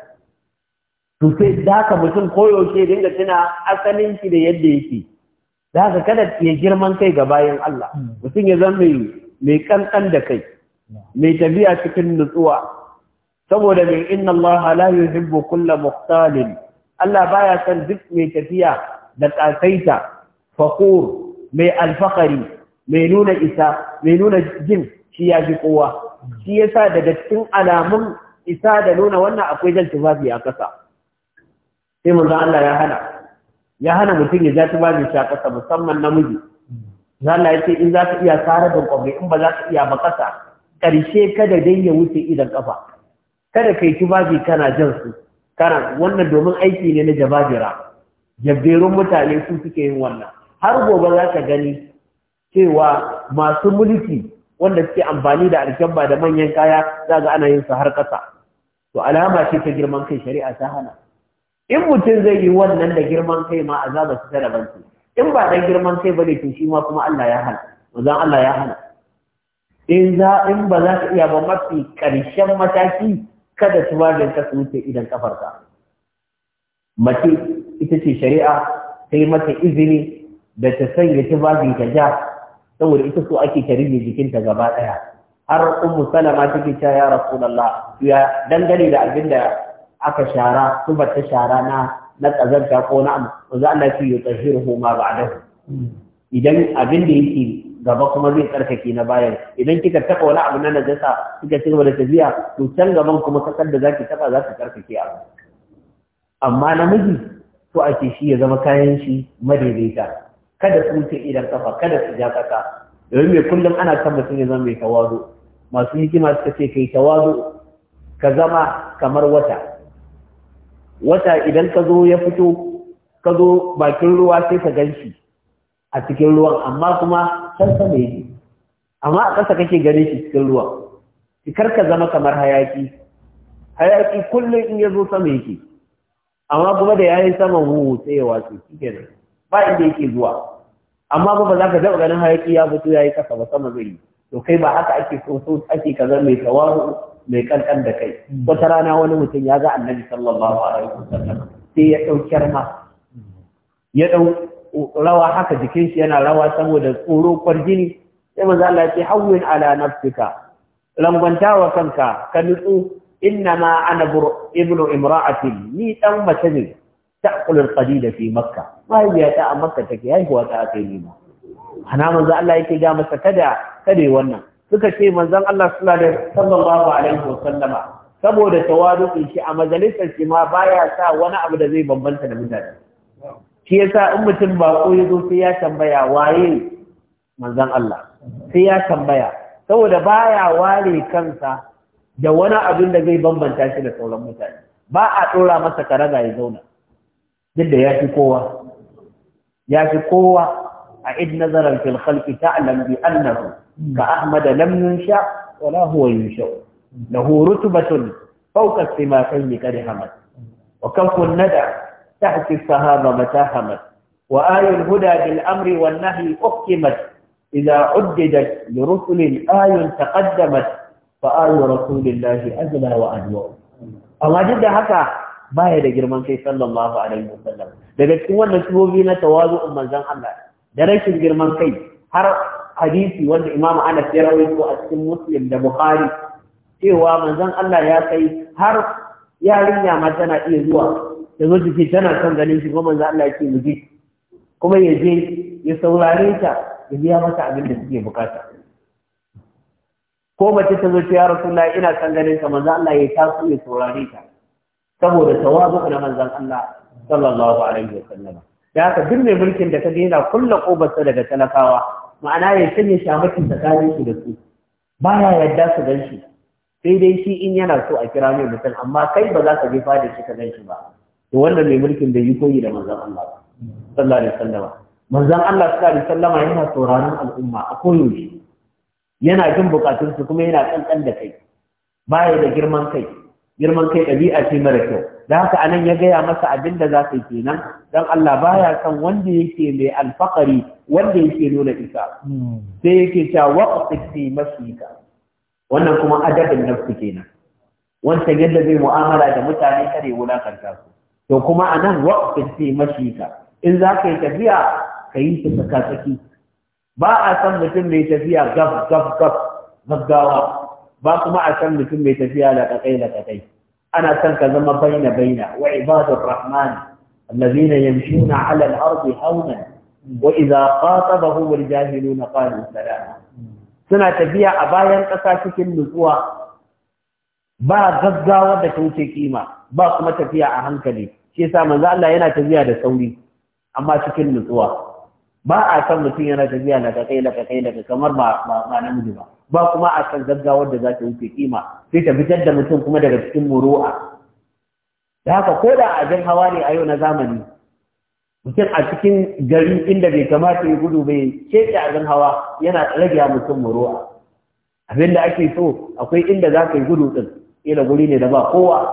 to sai da ka mutum koyaushe dinga tuna asalin shi da yadda yake da ka kada ya girman kai ga bayan Allah hmm. mutum ya zama mai kankan da kai mai tafiya cikin nutsuwa saboda mai inna Allah la yuhibbu kulla muhtalin Allah baya son duk mai tafiya da kasaita faqur mai alfakari mai nuna isa mai nuna jin shi ya fi kowa hmm. shi yasa daga cikin alamun isa da nuna wannan akwai jan tufafi a kasa sai manzo Allah ya hana ya hana mutum ya ja tubabi shi a ƙasa musamman namiji za Allah ya in za ka iya sare da kwabe in ba za ka iya ba ƙasa ƙarshe kada dai ya wuce idan ƙafa kada kai tubabi kana jan su kana wannan domin aiki ne na jabajira jabberun mutane su suke yin wannan har gobe za ka gani cewa masu mulki wanda suke amfani da alkyamba da manyan kaya za ga ana yin su har ƙasa to alama ce ta girman kai shari'a ta hana in mutum zai yi wannan da girman kai ma azaba su ta banki. in ba dan girman kai bane to shi ma kuma Allah ya hana wazan Allah ya hana in za in ba za ka iya ba mafi karshen mataki kada ba ka su wuce idan kafar ka mace ita ce shari'a sai mata izini da ta sanya ba ta ja saboda ita so ake tari jikinta gaba daya har ummu salama take cewa ya rasulullah ya dangane da abinda aka shara zubar ta shara na na kazanta ko na abu manzo Allah ya yutahhiruhu ma ba'dahu idan abin da yake gaba kuma zai tsarkake na bayan idan kika taba wani abu na najasa kika ci da tafiya to can gaban kuma kasar da zaki taba za ta tsarkake abu amma namiji to ake shi ya zama kayan shi madaidaita kada su ce idan kafa kada su ja kasa domin mai kullum ana kan mutum ya zama mai tawazu masu hikima suka ce kai tawazu ka zama kamar wata wata idan ka zo ya fito ka zo bakin ruwa sai ka gan shi a cikin ruwan amma kuma can sama yake amma a ƙasa kake gane shi cikin ruwan kar ka zama kamar hayaki hayaki kullum in ya zo sama yake amma kuma da yayin saman huhu sai ya wace shikenan ba inda yake zuwa amma ba za ka taɓa ganin hayaki ya fito ya yi ƙasa ba sama zai yi to kai ba haka ake so so ake ka zama mai tawahu mai kankan da kai hmm. wata rana wani mutum ya ga annabi sallallahu alaihi wasallam sai ya dauki ma ya dau rawa haka jikin shi yana rawa saboda tsoro kwarjini sai manzo Allah ya ce hawwin ala nafsika lambanta wa kanka ka nutsu inna ma ana ibnu imra'atin ni dan mace ne ta al-qadida fi makka ya ta a makka take haihuwa ta kai ni ma ana manzo Allah yake ga masa kada kada wannan suka ce manzon Allah sallallahu alaihi wasallama saboda tawadu'in shi a majalisar shi ma baya sa wani abu da zai bambanta da mutane shi yasa in mutum ba ko ya zo sai ya tambaya waye manzon Allah sai ya tambaya saboda baya ware kansa da wani abin da zai bambanta shi da sauran mutane ba a ɗora masa karaga ya zauna duk da ya fi kowa ya kowa a id nazaran fil khalqi ta'lam bi annahu ka ahmada lam yunsha wala huwa yunsha lahu rutbatun fawqa as-simatayn qad Hamad. wa kan kun nada tahti sahaba mata Hamad. wa ayu al-huda bil amri wal nahyi uqimat idha uddidat li al ayu taqaddamat fa ayu rasulillahi ajla wa adwa Allah jidda haka baya da girman kai sallallahu alaihi wasallam daga cikin wannan subobi na tawazu'un manzon Allah da rashin girman kai har hadisi wanda Imam ana ya rawaito a cikin Muslim da bukari cewa manzon Allah ya kai har yarinya ma tana iya zuwa da zo take tana son ganin shi kuma manzon Allah yake mu kuma ya je ya saurare ta ya biya mata abin da suke bukata ko mace ta zo ya Rasulullahi ina son ganin ka manzon Allah ya taso ya saurare ta saboda tawazu na manzon Allah sallallahu alaihi wasallam da haka duk mai mulkin da ka ga yana kulla kobarsa daga talakawa ma'ana ya sanya shamakin tsakanin su da su ya yarda su gan shi sai dai shi in yana so a kira mai mutum amma kai ba za ka je fadar shi ka gan shi ba to wannan mai mulkin bai yi koyi da manzon Allah sallallahu alaihi wasallam manzon Allah sallallahu alaihi wasallam yana sauraron al'umma a koyaushe yana jin bukatun su kuma yana kankan da kai baya da girman kai girman kai ɗabi'a ce mara kyau da haka anan ya gaya masa abin da za yi kenan don Allah baya son wanda yake mai alfakari wanda yake nuna isa sai yake cewa waqti masika wannan kuma adabin nafsi kenan wancan yadda zai mu'amala da mutane kare wulakanta su to kuma anan waqti fi masika in za ka yi tafiya ka yi ta tsaka tsaki ba a san mutum mai tafiya gaf-gaf-gaf gaggawa ba kuma a san mutum mai tafiya da kakai ana san ka zama baina baina wa ibadur rahman al-ardi على wa idha وإذا al-jahiluna qalu سلاما suna tafiya a bayan kasa cikin nutsuwa ba gaggawa da ta kima ba kuma tafiya a hankali shi yasa manzo Allah yana tafiya da sauri amma cikin nutsuwa ba a san mutum yana tafiya daga kakai daga kakai da kamar ba ba namiji ba ba kuma a san gaggawar da za ta wuce kima sai ta fitar da mutum kuma daga cikin muru'a da haka ko da abin hawa ne a yau na zamani mutum a cikin gari inda bai kamata ya gudu bai a abin hawa yana rage mutum muru'a abin da ake so akwai inda za ka yi gudu din ila guri ne da ba kowa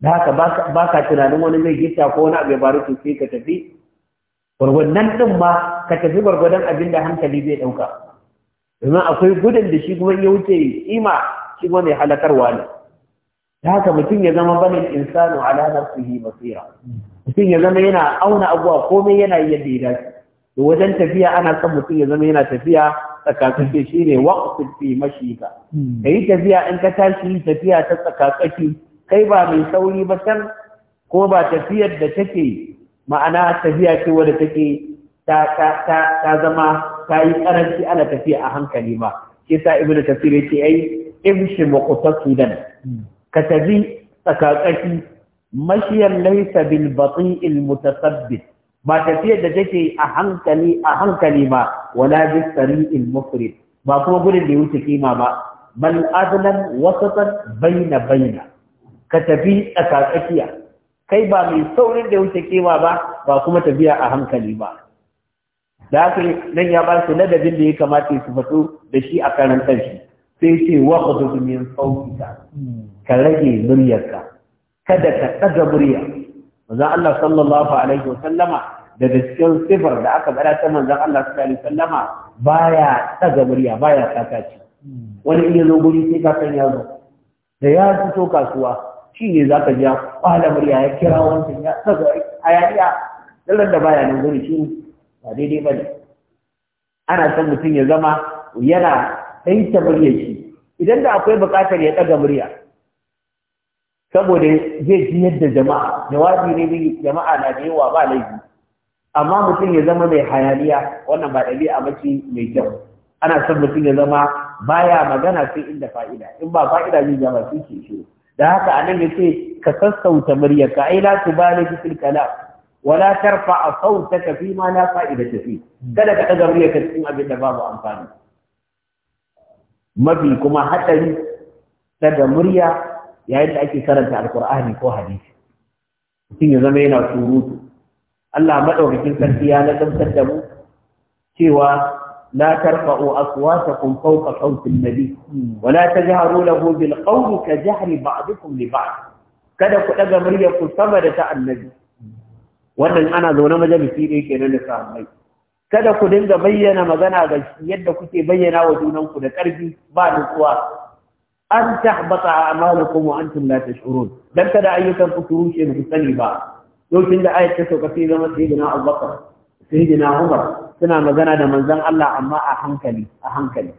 da haka ba ka tunanin wani mai gita ko wani abu ya faru sosai, ka tafi gwargwadon din ma ka tafi gwargwadon abin da hankali zai ɗauka domin akwai gudun da shi kuma ya wuce ima shi kuma mai halakarwa ne ta haka mutum ya zama banin insanu ala nafsihi basira mutum ya zama yana auna abuwa komai yana yi yadda ya dace da wajen tafiya ana son mutum ya zama yana tafiya tsakatsaki shine waqtu fi hmm. Ka yi tafiya in ka tashi tafiya ta tsakakake kai ba mai sauri ba can ko ba tafiyar da take ma'ana tafiya ce wadda take ta zama ta yi karanci ana tafiya a hankali ba. Ke sa ibn kasir yace ai imshi muqtasidan ka tafi tsakatsaki mashiyan laysa bil bati'il mutasabbit ba tafiyar da take a hankali a hankali ba wala bis sari'il mufrid ba kuma gudun da ya wuce kima ba bal adlan wasatan baina baina ka tafi tsakatsakiya kai ba mai saurin da ya wuce kima ba ba kuma tafiya a hankali ba da haka nan ya ba su ladabin da ya kamata su fito da shi a karantar shi sai ce wa khudhu sauki sautika ka rage muryarka kada ka ɗaga murya manzon Allah sallallahu alaihi wa sallama daga cikin sifar da aka bada ta manzon Allah sallallahu alaihi wa sallama baya ɗaga murya baya sakaci wani iya zo guri sai ka san yazo da ya fito kasuwa shi ne za ka ja kwala murya ya kira wancan ya saka a yariya da baya nan guri shi ba daidai ba ne ana son mutum ya zama yana ɗaita muryar shi idan da akwai buƙatar ya ɗaga murya saboda zai ji yadda jama'a jawabi ne ne jama'a na da yawa ba laifi amma mutum ya zama mai hayaniya wannan ba ɗabi'a mace mai kyau ana son mutum ya zama baya magana sai inda fa'ida in ba fa'ida zai zama shi ke shi da haka a nan ya ce ka sassauta muryarka ai la ba fil kalam wala tarfa sautaka fi ma la fa'ida fi kada ka daga muryarka cikin abin da babu amfani mafi kuma ta da murya yayin da ake karanta alkur'ani ko hadisi mutum ya zama yana surutu Allah madaukakin sarki ya nazartar da mu cewa لا ترفعوا أصواتكم فوق صوت النبي ولا تجهروا له بالقول كجهر بعضكم لبعض kada ku daga ku sama da ta annabi wannan ana zaune majalisi ne kenan da sahabbai kada ku dinga bayyana magana ga yadda kuke bayyana wa junanku da ƙarfi ba nutsuwa an tahbata a'malukum wa antum la tash'urun dan kada ayyukan ku su rushe ku sani ba lokacin da ayat ta sauka sai zama sayyidina Abubakar sayyidina Umar suna magana da manzon Allah amma a hankali a hankali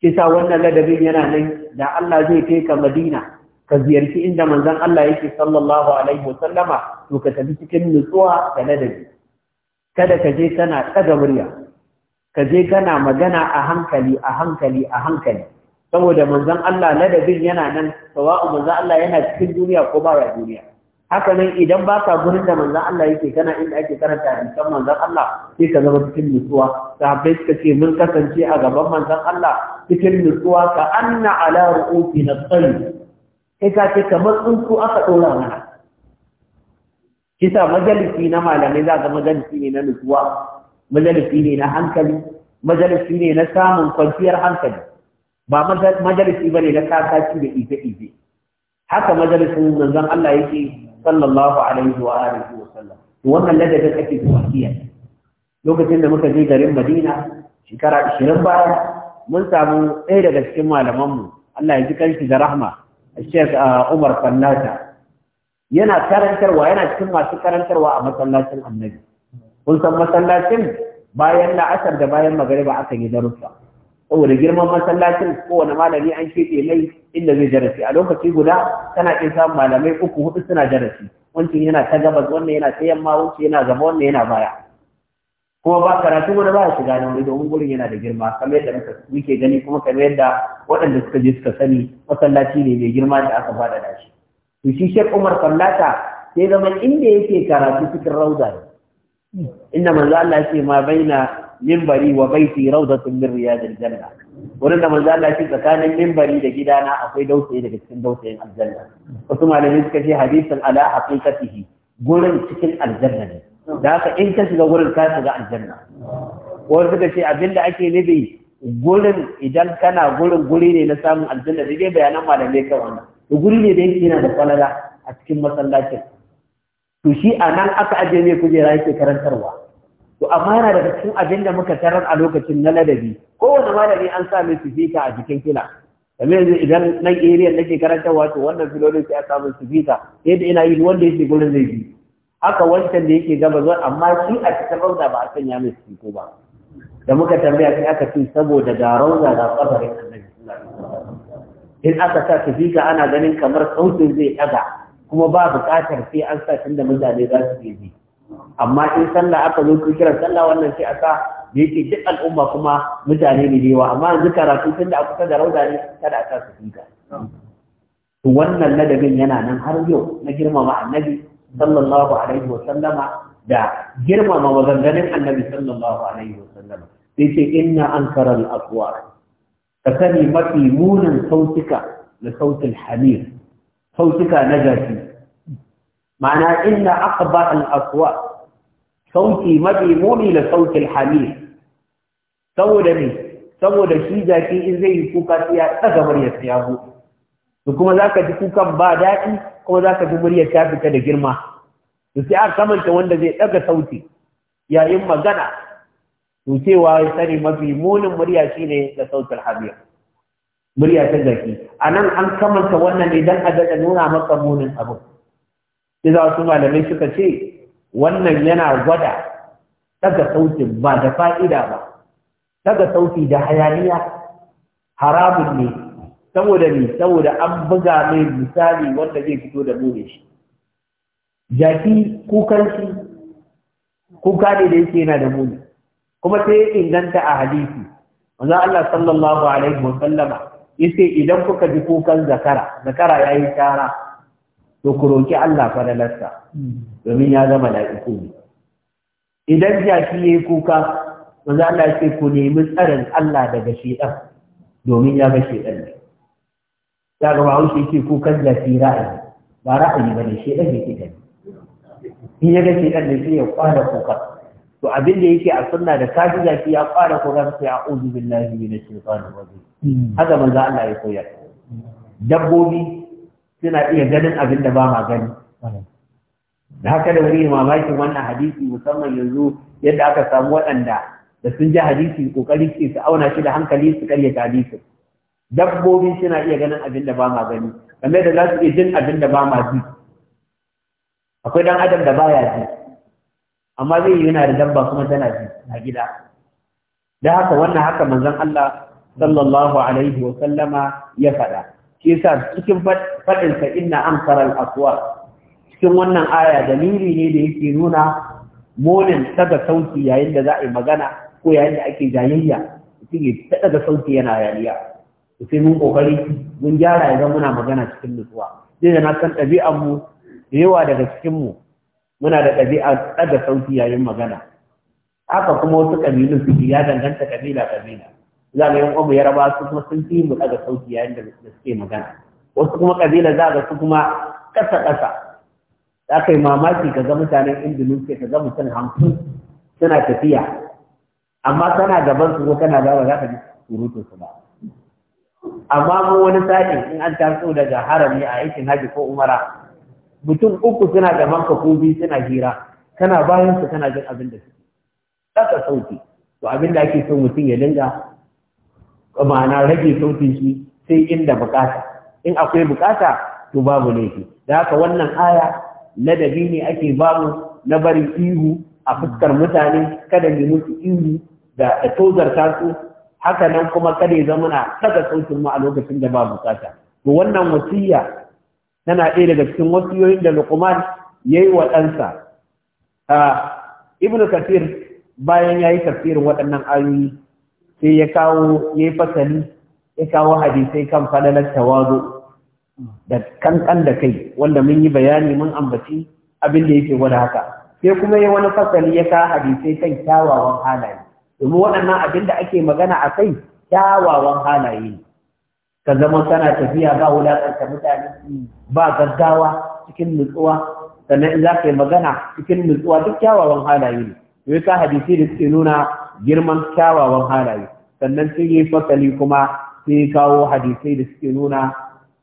kisa wannan ladabin yana nan da Allah zai kai ka Madina ka ziyarci inda manzon Allah yake sallallahu alaihi wasallama to ka tafi cikin nutsuwa da ladabi kada ka je kana ɗaga murya ka je kana magana a hankali a hankali a hankali saboda manzon Allah ladabin yana nan sawa'u manzon Allah yana cikin duniya ko ba ya duniya haka nan idan ba ka gurin da manzon Allah yake kana inda ake karanta hadisan manzon Allah sai ka zama cikin nutsuwa sahabbai suka ce mun kasance a gaban manzon Allah cikin nutsuwa ka anna ala na tsari kai ka ce kamar su aka ɗora mana kisa majalisi na malamai za ga majalisi ne na nutsuwa majalisi ne na hankali majalisi ne na samun kwanciyar hankali ba majalisi ba ne na kakaci da ife-ife haka majalisin manzon Allah yake sallallahu alaihi wa alihi wa sallam to wannan ladabin zuwa tuwakiya lokacin da muka je garin Madina shekara 20 baya mun samu ɗaya daga cikin malamanmu Allah ya ji kanshi da rahma Sheikh uh, Umar Fannata yana karantarwa yana cikin masu karantarwa a masallacin Annabi kun san masallacin bayan la'asar da bayan magariba aka yi darussa saboda girman masallacin kowane malami an keɓe mai inda zai darasi a lokaci guda tana iya samun malamai uku hudu suna darasi wancan yana ta gabas wannan yana ta yamma wancan yana zama, wannan yana baya kuma ba karatu wani ba ya shiga nan wani domin gurin yana da girma kamar yadda muka muke gani kuma kamar yadda waɗanda suka je suka sani masallaci ne mai girma da aka fada da shi to shi shek Umar sallata sai zama inda yake karatu cikin rauda ne inda manzo Allah ma baina mimbari wa baiti rawdatun min riyadil janna wurin da manzo Allah shi tsakanin mimbari da gidana akwai dausayi daga cikin dausayin aljanna wasu malamai suka ce hadisin ala haqiqatihi gurin cikin aljanna ne da haka in ka shiga gurin ka shiga aljanna wani suka ce abinda ake nufi gurin idan kana gurin guri ne na samun aljanna da dai bayanan malamai kan wannan to guri ne da yake yana da kwalala a cikin masallacin to shi a nan aka ajiye mai kujera yake karantarwa to amma yana daga cikin abinda muka tarar a lokacin na ladabi kowane malami an sa mai sifika a jikin kila kamar yanzu idan nan area nake karantarwa to wannan filolin sai a samu sifika yadda ina yi wanda yake gurin zai bi haka wancan da yake gaba zuwa amma shi a cikin rauda ba a sanya mai siko ba da muka tambaya sai aka ce saboda ga rauda ga kabarin annabi in aka sa fika ana ganin kamar sautin zai ɗaga kuma ba buƙatar sai an sa tunda mutane za su yi amma in sallah aka zo ku kira sallah wannan sai a sa da yake duk al'umma kuma mutane ne da yawa amma yanzu karatu tunda a kusa da rauda ne kada a sa su fika. wannan ladabin yana nan har yau na girmama annabi sallallahu alaihi wa sallama da girmama maganganun annabi sallallahu alaihi wa sallama sai ce inna ankara al-aswa ka sani mafi munin sautuka da sautul hamir sautuka na gashi ma'ana inna aqba al-aswa sauti mafi muni da sautul hamir saboda ne saboda shi jaki in zai yi kuka sai ya tsaga muryar ya buɗe to kuma za ka ji kukan ba daɗi kuma za ka ji muryar ta fita da girma to sai aka kamanta wanda zai ɗaga sauti yayin magana to cewa ya sani mafi munin murya shine da sautin habiya murya ta zaki a nan an kamanta wannan ne don a daɗa nuna maka munin abu sai za su malamai suka ce wannan yana gwada ɗaga sauti ba da fa'ida ba ɗaga sauti da hayaniya haramun ne saboda ni saboda an buga mai misali wanda zai fito da bude shi jaki kukan shi kuka ne da yake yana da muni kuma sai ya inganta a hadisi manzo Allah sallallahu alaihi wa sallama yace idan kuka ji kukan zakara zakara yayi tara to ku roki Allah fadalarsa domin ya zama laiku ne idan jaki yayi kuka manzo Allah ya ce ku nemi tsarin Allah daga shedan domin ya ga shedan ta gaba haushi ce ko kan zafi ra'ayi ba ra'ayi ba ne shi ɗan yake gani in ya gashi ɗan da shi ya kwana kuka to abin da yake a sunna da kaji zafi ya kwana kuka sai a uzu billahi na shaitanir wajen hmm. haka manzo Allah ya koyar dabbobi suna iya ganin abin da ba ma gani da haka da wani mamakin wannan hadisi musamman yanzu yadda aka samu waɗanda da sun ji hadisi kokari ke su auna shi da hankali su karya hadisin dabbobi suna iya ganin abin da ba ma gani kamar da za su iya jin abin da ba ma ji akwai dan adam da baya ji amma zai yi yana da dabba kuma tana ji a gida da haka wannan haka manzon Allah sallallahu alaihi wa sallama ya faɗa shi yasa cikin faɗin sa inna amsara al-aqwa cikin wannan aya dalili ne da yake nuna monin daga sauti yayin da za a yi magana ko yayin da ake jayayya mutum ya ta daga sauti yana yariya sai mun kokari mun gyara idan muna magana cikin nutsuwa zai da na san ɗabi'ar mu da yawa daga cikin mu muna da ɗabi'a ɗaga sauti yayin magana haka kuma wasu ƙabilun su ya danganta ƙabila ƙabila za ga yan ya yaraba su kuma sun fi mu ɗaga sauti yayin da suke magana wasu kuma ƙabila za ga su kuma ƙasa ƙasa za ka yi mamaki ka ga mutanen indonesia ka ga mutum hamsin suna tafiya amma kana gaban su ko tana zawa za ka ji surutun su ba amma mu wani sa'in in an taso daga harami a aikin haji ko umara mutum uku suna da manka ko biyu suna hira kana bayan su kana jin abin da suke saka sauti to abin da ake so mutum ya dinga ma'ana rage sautin shi sai inda bukata in akwai bukata to babu laifi da haka wannan aya ladabi ne ake babu na bari ihu a fuskar mutane kada ne musu ihu da tozar su haka nan kuma kada ya zama na daga sautin mu a lokacin da ba bukata to wannan wasiya tana ɗaya daga cikin wasiyoyin da Luqman yayi wa ɗansa Ibn Kathir bayan yayi tafsirin waɗannan ayoyi sai ya kawo yayi fasali ya kawo hadisai kan fadalar tawazu da kankan da kai wanda mun yi bayani mun ambaci abin da yake gwada haka sai kuma yayi wani fasali ya kawo hadisai kan kyawawan halaye domin waɗannan abin da ake magana a kai kyawawan halaye ne ka zama kana tafiya ba wulaƙanta mutane ba gaggawa cikin nutsuwa sannan in za ka yi magana cikin nutsuwa duk kyawawan halaye ne yau ka hadisi da suke nuna girman kyawawan halaye sannan sun yi fasali kuma sai kawo hadisai da suke nuna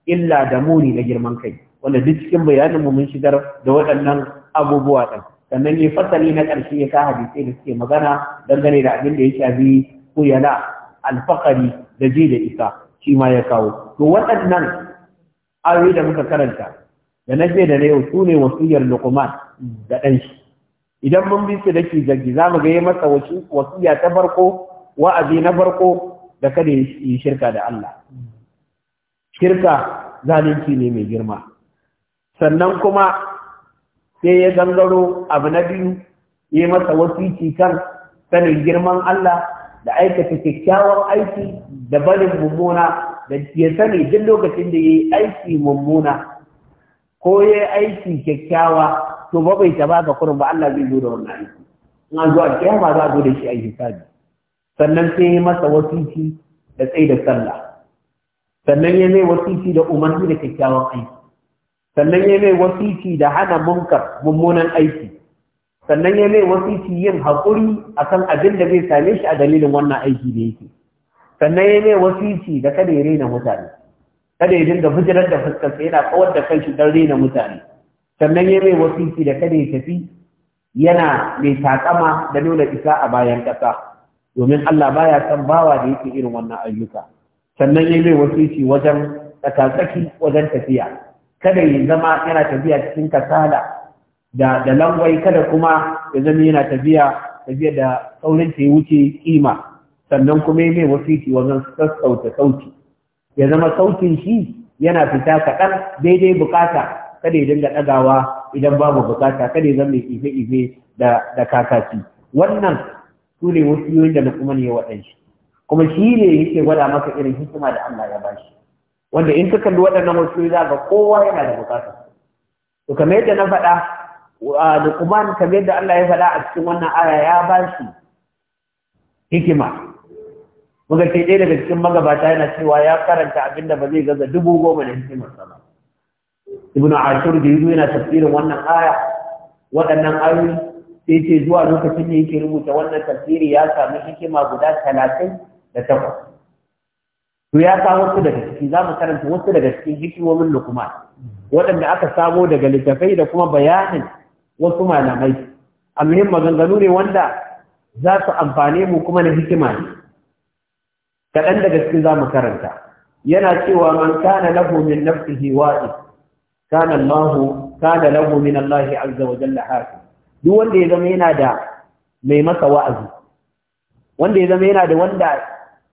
illa da muni na girman kai wanda duk cikin bayanin mu mun shigar da waɗannan abubuwa ɗin sannan ne fasali na ƙarshe ya ka hadisai da suke magana dangane da abin da ya shafi kuyala alfakari da ji da isa shi ma ya kawo to waɗannan ayoyi da muka karanta da na da na yau su ne wasiyar luqman da ɗan shi idan mun bi su da ke zargi za mu ga ya masa wasiya ta farko wa'azi na farko da kada ya yi shirka da Allah shirka zalunci ne mai girma sannan kuma sai ya gangaro abu na biyu ya masa wasiki kan sanin girman Allah da aikata kyakkyawan aiki da barin mummuna da ya sani duk lokacin da ya yi aiki mummuna ko ya yi aiki kyakkyawa to ba bai ta ka kurin ba Allah zai zo da wannan aiki in an zo a kiyama za a zo da shi a hisabi sannan sai ya masa wasiki da tsaye da sallah sannan ya mai wasiki da umarni da kyakkyawan aiki sannan ya mai wasiki da hana munkar mummunan aiki sannan ya mai wasiki yin haƙuri akan abin da zai same shi a dalilin wannan aiki da yake sannan ya mai wasiki da kada ya rena mutane kada ya dinga hijirar da fuskarsa yana kawar da kanshi don rena mutane sannan ya mai wasiki da kada ya tafi yana mai takama da nuna isa a bayan ƙasa domin Allah baya san bawa da yake irin wannan ayyuka sannan ya mai wasiki wajen tsakatsaki wajen tafiya kada ya zama yana tafiya cikin kasala da da langwai kada kuma ya zama yana tafiya tafiya da saurin ta wuce kima sannan kuma mai wasiti wajen sassauta sauti ya zama sautin shi yana fita kaɗan daidai bukata kada ya dinga ɗagawa idan babu bukata kada ya zama ife-ife da da kakaci wannan su ne wasu da na kuma ne waɗanshi kuma shi ne yake gwada maka irin hikima da Allah ya bashi wanda in suka kalli waɗannan wasu za ga kowa yana da bukata to kamar yadda na faɗa kamar yadda Allah ya faɗa a cikin wannan aya ya ba shi hikima muka ce ɗaya daga cikin magabata yana cewa ya karanta abinda da ba zai gaza dubu goma da hikimar sama ibnu ashur da yuzu yana tafsirin wannan aya waɗannan ayoyi sai ce zuwa lokacin da yake rubuta wannan tafsiri ya sami hikima guda talatin da takwas to ya sa wasu daga ciki za mu karanta wasu daga cikin hikimomin lukuma waɗanda aka samo daga littafai da kuma bayanin wasu malamai a muhim maganganu ne wanda za su amfane mu kuma na hikima ne kaɗan daga cikin za mu karanta yana cewa man kana lahu min nafsihi wa'i kana Allah kana lahu min Allah azza wa jalla hafi duk wanda ya zama yana da mai masa wa'azi wanda ya zama yana da wanda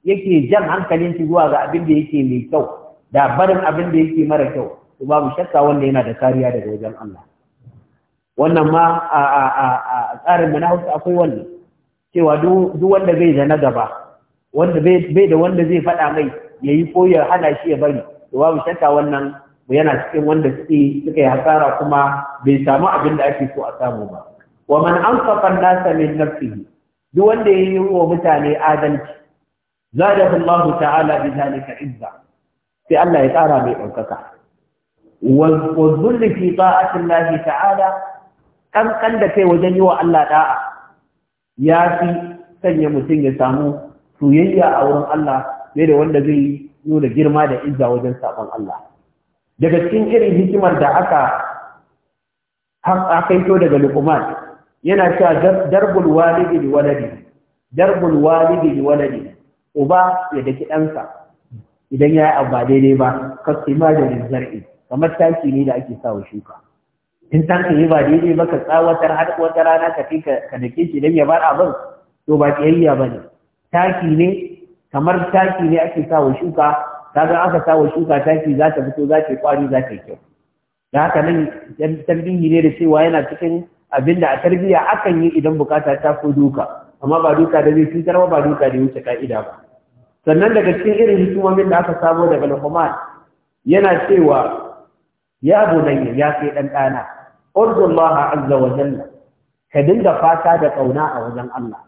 yake jan hankalin shi zuwa ga abin da yake mai kyau da barin abin da yake mara kyau to babu shakka wanda yana da kariya daga wajen Allah wannan ma a a a tsarin na Hausa akwai wannan cewa duk wanda zai da gaba wanda bai da wanda zai faɗa mai yayi ko ya hana shi ya bari to babu shakka wannan yana cikin wanda suke suka yi hasara kuma bai samu abin da ake so a samu ba wa man anfaqa an-nasa min nafsihi duk wanda yayi wa mutane adalci zadahu Allah ta'ala bi zalika izza sai Allah ya tsara mai ɗaukaka wa zulli fi ta'ati Allah ta'ala kan da kai wajen yi wa Allah da'a ya fi sanya mutum ya samu soyayya a wurin Allah ne da wanda zai nuna girma da izza wajen sabon Allah daga cikin irin hikimar da aka akaito daga Luqman yana cewa darbul walidi waladi darbul walidi uba ya daki ɗansa idan ya yi abu ba daidai ba kasu imajirin zar'i kamar taki ne da ake sawa shuka in tanka yi ba daidai ba ka tsawatar har wata rana ka fi ka dake shi idan ya bar abin to ba tsayayya ba ne taki ne kamar taki ne ake sawa shuka kaga aka sawa shuka taki za ta fito za ta kwari za ta kyau da haka nan ne da cewa yana cikin abinda a tarbiyya akan yi idan bukata ta fi duka amma ba duka da zai cutar ba ba duka da wuce ka'ida ba sannan daga cikin irin hikimomin da aka samo daga Luqman yana cewa ya bunayya ya kai dan dana urzullah azza wa jalla ka dinga fata da kauna a wajen Allah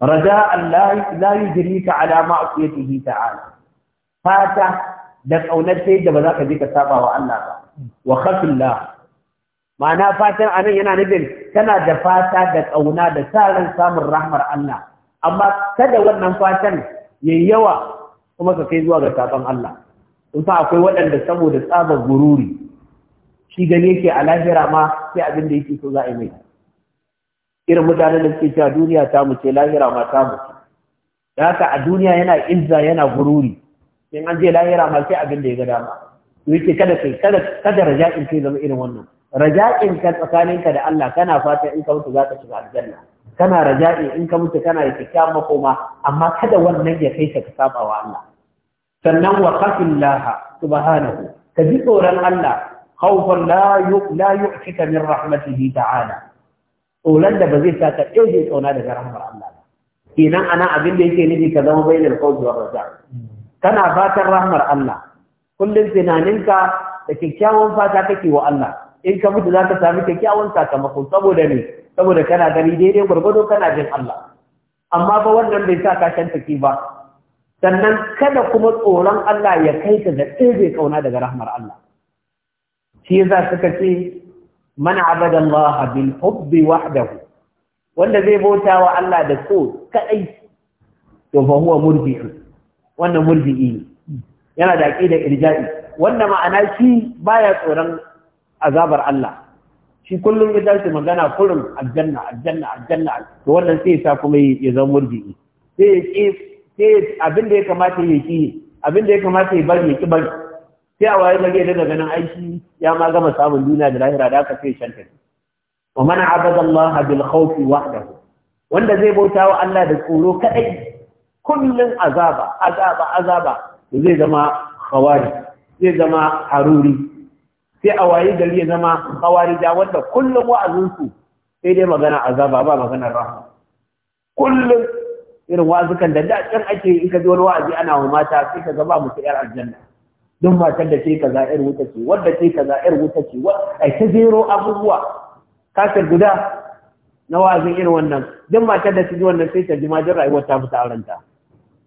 raja Allah la yujrika ala ma'siyatihi ta'ala fata da kaunar sai da ba za ka je ka saba wa Allah ba wa khafillah ma'ana fatan anan yana nufin tana da fata da ƙauna da sa ran samun rahmar Allah amma kada wannan fatan yi yawa kuma ka kai zuwa ga sabon Allah in fa akwai waɗanda saboda tsaba gururi shi gani yake a lahira ma sai abin da yake so za a yi mai irin mutanen da suke cewa duniya ta mu ce lahira ma ta mu Da haka a duniya yana izza yana gururi in an je lahira ma sai abin da ya ga dama to yake kada kai kada kada raja'in kai zama irin wannan raja'in ka tsakaninka da Allah kana fata in ka mutu za ka shiga aljanna kana raja'i in ka mutu kana da kyakkyawan makoma amma kada wannan ya kai ka saba wa Allah sannan wa laha subhanahu ka ji tsoron Allah khawfan la la yu'tika min rahmatihi ta'ala tsoron da ba zai sa ka tsona daga rahmar Allah ba kenan ana abin da yake nufi ka zama bainal khawfi wa raja kana fatan rahmar Allah kullum tunaninka da kyakkyawan fata kake wa Allah in ka mutu za ka sami kyakkyawan sakamako saboda ne saboda kana gani daidai gwargwado kana jin Allah amma ba wannan bai sa ka shanta ki ba sannan kada kuma tsoron Allah ya kai ka ga tsirbe kauna daga rahmar Allah shi yasa suka ce man abada Allah bil hubbi wahdahu wanda zai bauta wa Allah da so kadai to fa huwa murji'i wannan murji'i yana da aqida irja'i Wannan ma'ana shi baya tsoron azabar Allah shi kullum ya dace magana kurin aljanna aljanna aljanna to wannan sai ya sa kuma ya zama murji'i sai ya ki sai abin da ya kamata ya ki abin da ya kamata ya bar ya ki bari sai a waye gari daga ganin aiki ya ma gama samun duniya da lahira da aka sai shanta wa mana abada Allah bil khawf wahdahu wanda zai bauta wa Allah da tsoro kadai kullun azaba azaba azaba zai zama khawari zai zama haruri sai a waye gari ya zama da wanda kullum wa'azinsu sai dai magana azaba ba maganar rahama kullum irin wa'azukan da da can ake in ka ji wani wa'azi ana wa mata sai ka zama musu yar aljanna duk matar da ce kaza yar wuta ce wadda ce kaza yar wuta ce ai ta zero abubuwa kasar guda na wa'azin irin wannan duk matar da ta ji wannan sai ta ji ma rayuwar ta fita ta'aranta.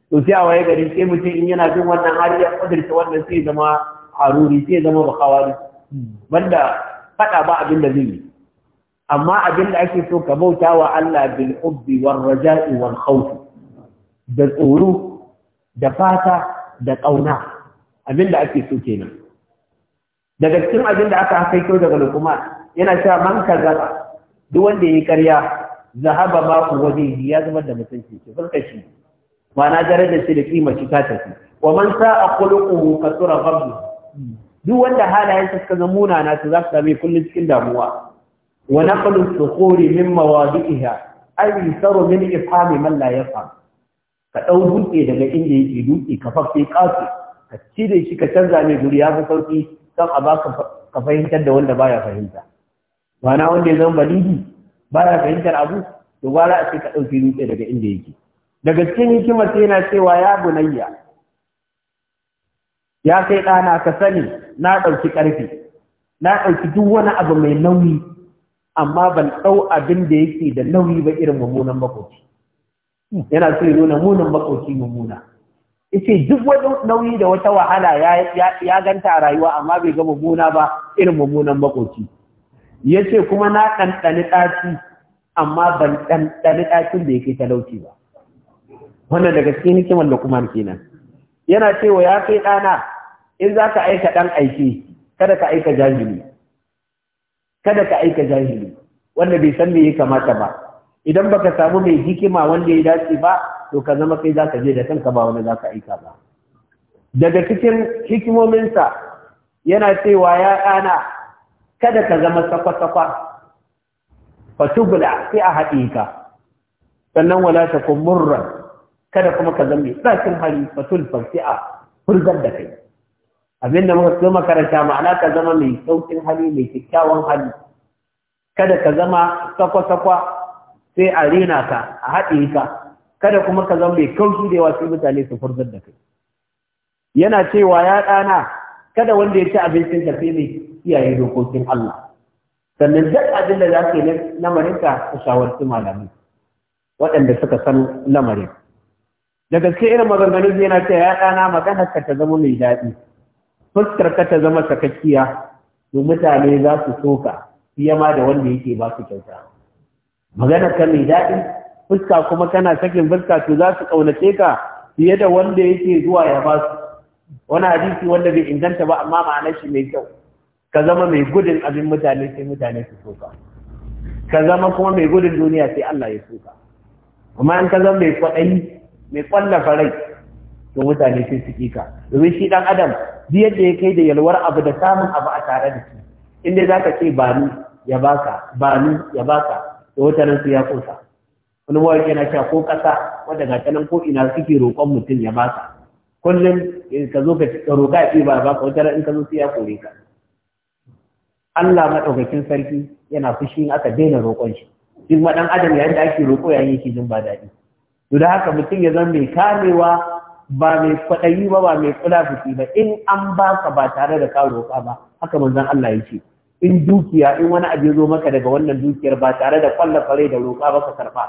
to sai a waye gari sai mutum in yana jin wannan har ya kudurta wannan sai zama haruri sai zama bakawari banda faɗa ba abin da zai amma abin da ake so ka bauta wa Allah bil hubbi war raja'i wal khawf da tsoro da fata da kauna abin da ake so kenan daga cikin abin da aka kyau daga lokuma yana cewa man kazaba duk wanda yayi ƙarya zahaba ma ku wani ya zama da mutunci ki farka shi na darajar shi da kima shi ta tafi wa man sa'a khuluquhu kasura ghamdu duk wanda halayensa suka zama munana to za su same kullum cikin damuwa wa naqlu sukhuri min mawadi'iha ay saru min ifhami man la yafham ka dau dutse daga inda yake dutse ka fafe kasu ka cire shi ka canza mai guri ya fi sauki don a baka ka fahimtar da wanda baya fahimta ma'ana wanda ya zama balidi baya fahimtar abu to gwara a ce ka ɗauki dutse daga inda yake daga cikin hikimar sai yana cewa ya bunayya ya kai ɗana ka sani na ɗauki ƙarfi na ɗauki duk wani abu mai nauyi amma ban ɗau abin da yake da nauyi ba irin mummunan makoci yana so ya nuna munan makoci mummuna yace duk wani nauyi da wata wahala ya ganta a rayuwa amma bai ga mummuna ba irin mummunan makoci yace kuma na ɗanɗani ɗaci amma ban ɗanɗani ɗacin da yake talauci ba wannan daga cikin hikimar da kuma kenan yana cewa ya kai ɗana in za ka aika ɗan aiki kada ka aika jahili kada ka aika jahili wanda bai san me ya kamata ba idan baka samu mai hikima wanda ya dace ba to ka zama kai zaka je da kanka ba wanda zaka aika ba daga cikin hikimominsa yana cewa ya ɗana kada ka zama safa-safa fatubula sai a haɗe ka sannan wala ta murran kada kuma ka zambe sakin hari fatul fasi'a furzar da kai abin da muka so makaranta ma'ana ka zama mai saukin hali mai kyakkyawan hali kada ka zama sakwa-sakwa sai a rena ka a haɗe ka kada kuma ka zama mai kaushi da yawa sai mutane su furzar da kai yana cewa ya ɗana kada wanda ya ci abincin ka sai mai kiyaye dokokin Allah sannan duk abin da za ka yi na lamarinka ka shawarci malamai waɗanda suka san lamarin da gaske irin maganganun yana ce ya ɗana maganar ka ta zama mai daɗi fuskar ka ta zama sakakkiya to mutane za su soka fiye ma da wanda yake ba su kyauta maganar ka mai daɗi fuska kuma kana sakin fuska to za su ƙaunace ka fiye da wanda yake zuwa ya ba su wani hadisi wanda bai inganta ba amma ma'anar shi mai kyau ka zama mai gudun abin mutane sai mutane su soka ka zama kuma mai gudun duniya sai Allah ya soka amma in ka zama mai kwaɗayi mai kwallafa rai to mutane sai su kika domin shi dan adam duk yadda ya kai da yalwar abu da samun abu a tare da shi inda za ka ce ba ni ya baka ba ni ya baka to wata nan su ya kosa wani mawaki yana cewa ko ƙasa wanda ga tanan ko ina suke roƙon mutum ya baka kullum ka zo ka roƙa ce ba baka wata in ka zo su ya kore ka Allah maɗaukakin sarki yana fushi in aka daina roƙon shi duk ma ɗan adam yayin da ake roƙo yayin yake jin ba daɗi to da haka mutum ya zama mai kamewa ba mai kwaɗayi ba ba mai fiti ba in an ba ka ba tare da ka roƙa ba haka manzon Allah ya ce in dukiya in wani abu ya zo maka daga wannan dukiyar ba tare da kwalla fare da roƙa ba ka karɓa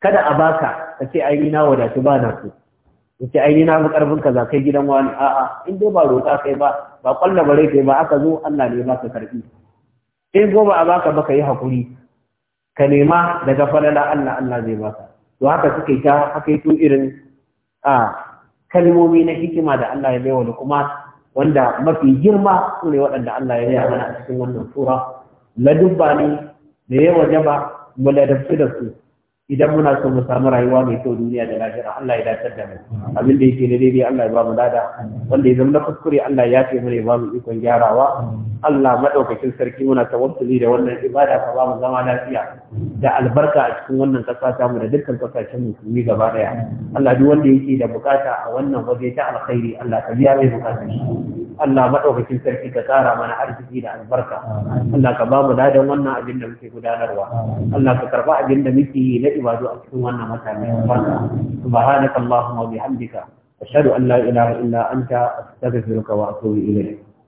kada a baka ka ce ai na wadatu ba na so ce ai na fi karfin za kai gidan wani a'a in dai ba roƙa kai ba ba kwalla bare kai ba aka zo Allah ne ba ka karɓi in goma a baka ba ka yi hakuri ka nema daga falala Allah Allah zai baka to haka suka yi ta haka yi irin a kalmomi na hikima da Allah ya baiwa da kuma wanda mafi girma su ne waɗanda Allah ya yi mana a cikin wannan tura, ladubba ne da ya wajaba mu ladabci da su idan muna son mu samu rayuwa mai kyau duniya da lafiya Allah ya dace da mu abin da yake da daidai Allah ya ba mu dada wanda ya zama na kuskure Allah ya ce mu ya ba mu ikon gyarawa Allah madaukakin sarki muna tawassuli da wannan ibada ka ba mu zama lafiya da albarka a cikin wannan kasa ta mu da dukkan kasashen musulmi gaba daya Allah duk wanda yake da bukata a wannan waje ta alkhairi Allah ka biya mai shi Allah madaukakin sarki ka kara mana arziki da albarka Allah ka ba mu dadan wannan abin da muke gudanarwa Allah ka karba abin da muke yi ibadu a cikin wannan mutane a albarka subhanaka allahumma wa bihamdika ashhadu an la ilaha illa anta astaghfiruka wa atubu ilayk